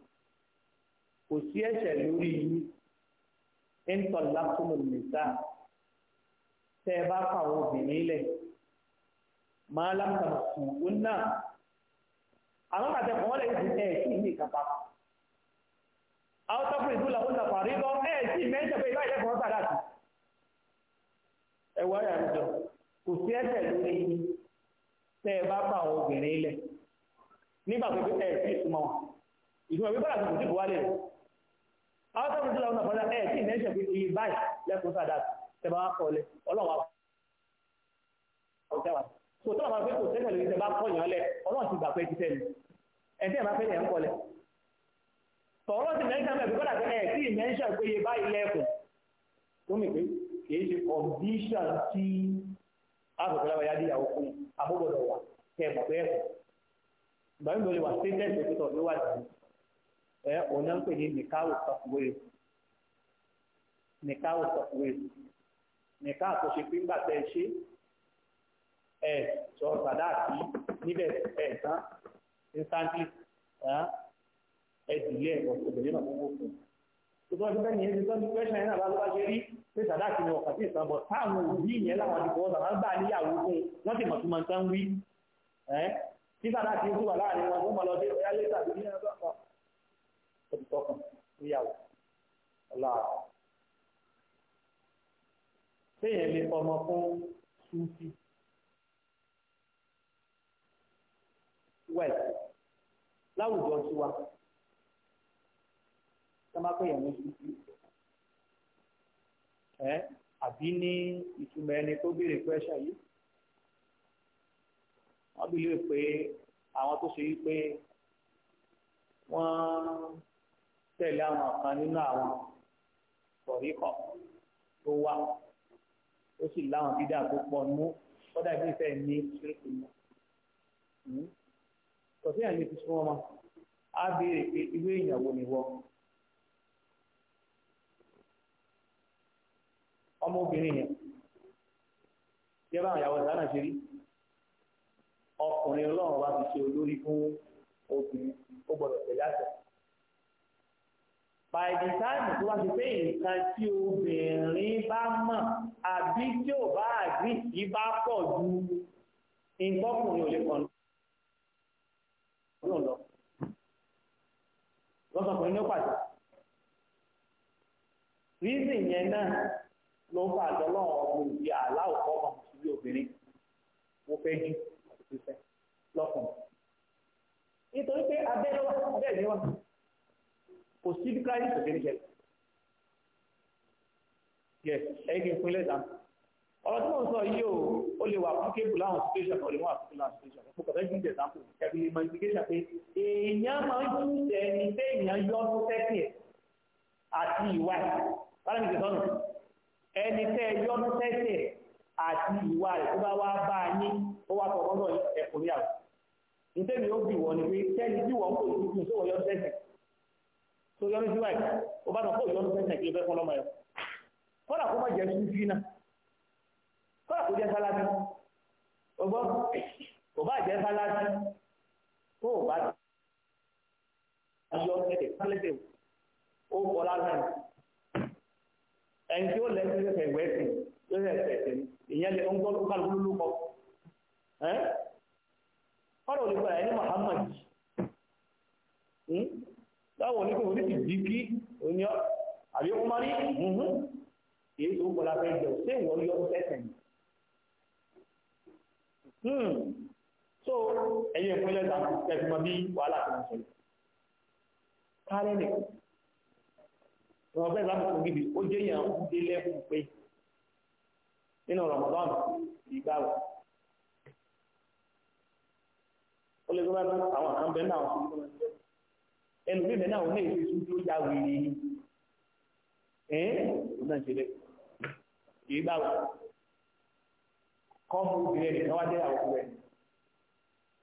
Speaker 2: kò sí ẹ̀ṣẹ̀ lórí yìí ń tọ̀ lákùnrin nìta tẹ́ ẹ bá pa àwọn obìnrin lẹ̀ máa lákàtà fún un náà àwọn kàtẹ́kọ̀ọ́ lè ti ẹ̀ sí ní ìkápá kan. àwọn tọ́pù ìdúlà ó nàfà rí lọ ẹ̀ sí mẹ́jọ pé ìbáyìí lẹ́kọ̀ọ́ sàdáàtì ẹwà rẹ̀ àjọ kò sí ẹsẹ̀ lórí yín tẹ́ ẹ bá bá àwọn obìnrin ilẹ̀ nígbà pé ẹ̀ sí ìtumọ̀ wọn ìtumọ̀ pé bọ́lá tuntun dìbò wálé rẹ̀ àwọn tọ́pù ìdúlà ó nàfà rí ẹ̀ sí mẹ́jọ pé ìbáyìí lẹ́kọ̀ọ́ sàdáàtì tọ̀rọ̀ sí mẹ́ńṣà mẹ́bí kọ́dà pé ẹ̀ sí ìmẹ́ńṣà pé iye báyìí lẹ́kùn tó mì pé kìí ṣe condition tí àbùkọ́lá wáyá dí ìyàwó fún abúgbọ̀dọ̀ wà kẹ́ mọ̀ pé ẹ̀kùn ìgbà mi lè wà stated ló wà jù ẹ ọ̀nà ń pè ní nìkáwò software nìkáwò software nìká pé ńgbà tẹ́ ẹ ṣe ẹ̀dìlẹ̀ ọ̀sọ̀bìnrin náà fún òkun tó tọ́ sí bẹ́ẹ̀ ni ẹni tó ní pẹ́ṣẹ̀ yẹn náà bá lọ́wọ́ ṣe rí pé sàdáàkì ni ọ̀kà sí ìsànbọ̀ táwọn òbí yẹn láwọn àdìpọ̀ ọ̀sà máa ń gbà níyàwó fún wọ́n sì mọ̀ tó máa ń tán wí tí sàdáàkì ń wà láàrin wọn wọ́n máa lọ dé ẹ̀yà lẹ́tà tó ní ẹ̀rọ
Speaker 1: kan ó ti tọkàn níyàwó ọ̀la
Speaker 2: téèyàn lè fọmọ fún súnfì wẹ́ẹ̀ láwùjọ tiwa tó máa pè yàn ní ṣíṣí ẹ àbí ní ìtumọ̀ ẹni tó béèrè pẹ́ṣà yìí wọ́n bí lè pé àwọn tó ṣe yí pé wọ́n tẹ̀lé àwọn kan nínú àwọn kọ̀ríkọ̀ tó wá ó sì láwọn dídá tó pọ̀ nú kọ́dà ìfẹ́ ìfẹ́ ní ṣíríkì mọ́ hmm? kò sí àyè fi sún ọmọ á béèrè pé irú èèyàn wo ni wọ́n. ọmọbìnrin yẹn tí ẹ bá ìyàwó ìdáná ṣe rí ọkùnrin ọlọ́run bá ti ṣe olórí fún obìnrin ó gbọdọ̀ tẹ̀lé àṣẹ by the time tó bá ti pé nǹkan tí obìnrin bá mọ̀ àbí tí ò bá àgbì kí bá pọ̀ ju ìgbọ́kùnrin ò lè kàn lọ lọ lọ́sọ̀kùnrin ní ó pàdé reason yẹn náà ló ń fà jọ lọ́wọ́ ọmọ òbí aláwọ̀ kọ́ ọmọ mùsùlùmí obìnrin wọ́n fẹ́ jí àtúnṣe lọ́kùnrin. nítorí pé abẹ́rẹ́ wà bẹ́ẹ̀ ni wà kò sí bí kíláyìí kò dénú ṣẹlẹ̀. yẹ ẹyìn kí n fún ilé ìdáná. ọ̀rọ̀ tí mo ń sọ yìí o ó lè wà fún kébù láwọn situation kan lè mú àfikún láwọn situation mo kàn fẹ́ jí ìjẹ̀dá kù kẹ́bí lè mọ pé èèyàn máa ń jú ìjẹ́ ẹni tẹ́ yọ́nú tẹ́sẹ̀ àti ìwà rẹ̀ tó bá wá bá yín ó wá tọ̀ lọ́dọ̀ ẹ̀kọ́ ní àwọn ìtẹ́mi ó bì wọ́n ni pé tẹ́ni tí wọ́n kò tuntun tó wọ́n tẹ́sẹ̀ tó yọ́nú sí wáyé ó bá tẹ́sẹ̀ kí ló fẹ́ fún kó má jẹ́ ẹni tí ó lẹ́ sí ṣẹ̀ṣẹ̀ ìwé ẹ̀sìn ló ṣẹ̀ṣẹ̀ ẹ̀sìn ìyẹn lè ń gbọ́ kálukú ló kọ́ ọ̀rọ̀ olùkọ́ ẹ̀ ní Muhammad láwọn oníkòwò ní ti di kí oníọ́ àbí ó máa rí ìhùn èyí ṣé hmm. so ìpínlẹ̀ bí wàhálà tó ń kárẹ́ nìkan ìwọ̀n fẹ́ ìsàmù kò gidi ó jẹ́ yàn ó dé lẹ́kùn pé nínú Ramadan ìgbàwọ̀ ó lè gbọ́dọ̀ àwọn kan bẹ́ẹ̀ náà wọ́n ti gbọ́dọ̀ ẹnu bí bẹ́ẹ̀ náà wọ́n lè fi sùn tó yà wìrì ẹ̀ ó náà ṣe lẹ́kùn kì í gbàwọ̀ kọ́ mú obìnrin nìkan wá jẹ́ àwọn rẹ̀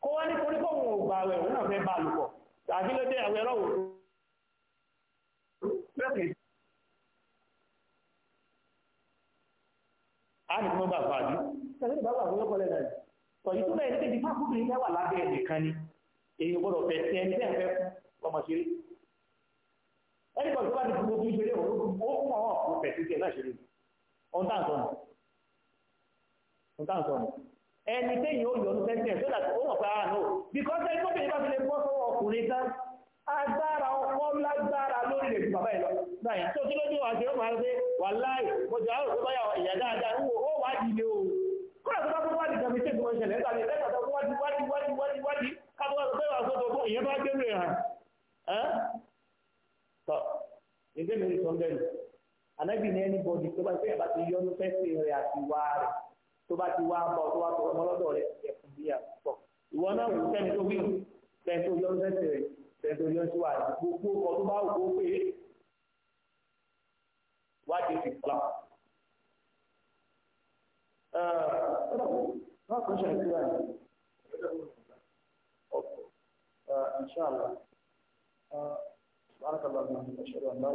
Speaker 2: kó wá ní koríko òun ò gbà rẹ̀ òun náà fẹ́ bá a lò pọ̀ tàbí ló dé ẹ̀rọ òun a ní mọ́ bàbá àdú tẹ̀lé bàbá àwọn ọlọ́pọ̀ lẹ́nà tọ̀ yìí tó bẹ̀rẹ̀ níbi ìdí fáfún mi wà lábẹ́ ẹ̀ nìkan ni èyí gbọ́dọ̀ fẹ́ tẹ ẹni tẹ́ ń fẹ́ fún ọmọ ṣeré ẹni kan tó bá ti gbogbo fún ṣeré òun ó mọ̀ ọ́ kó fẹ̀ sí tiẹ̀ náà ṣeré ohun tá à ń ẹni tẹ́yìn ó yọnu fẹ́ tiẹ̀ sódà agbára ọkọ lágbára lórí rẹ̀ bàbá ìlọ báyìí tó kí ló dé wàá ṣe ó máa ń wà láì mo jọ àrò tó bá yà dáadáa wò ó wá di ilé o kọ́nà tó bá fún wádìí ìṣẹ̀lẹ̀ tó fún wádìí wádìí wádìí wádìí wádìí pé wàá sọ́tọ̀ fún ìyẹn bá gbé hàn tọ́ ìdí mi ní tó bá ti tẹ̀sán yọ sí wa gbogbo ọkọ̀ tó bá wù kó pé wájú ti kọ́
Speaker 1: náà kò ṣe àìsí àyè ọ̀pọ̀ ìṣàlá سبحانك اللهم وبحمدك اشهد ان لا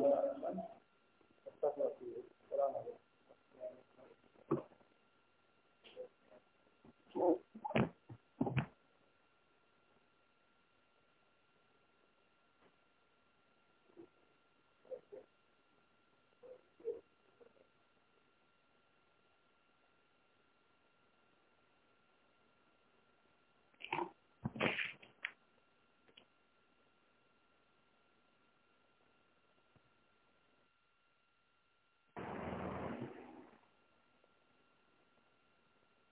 Speaker 1: اله السلام عليكم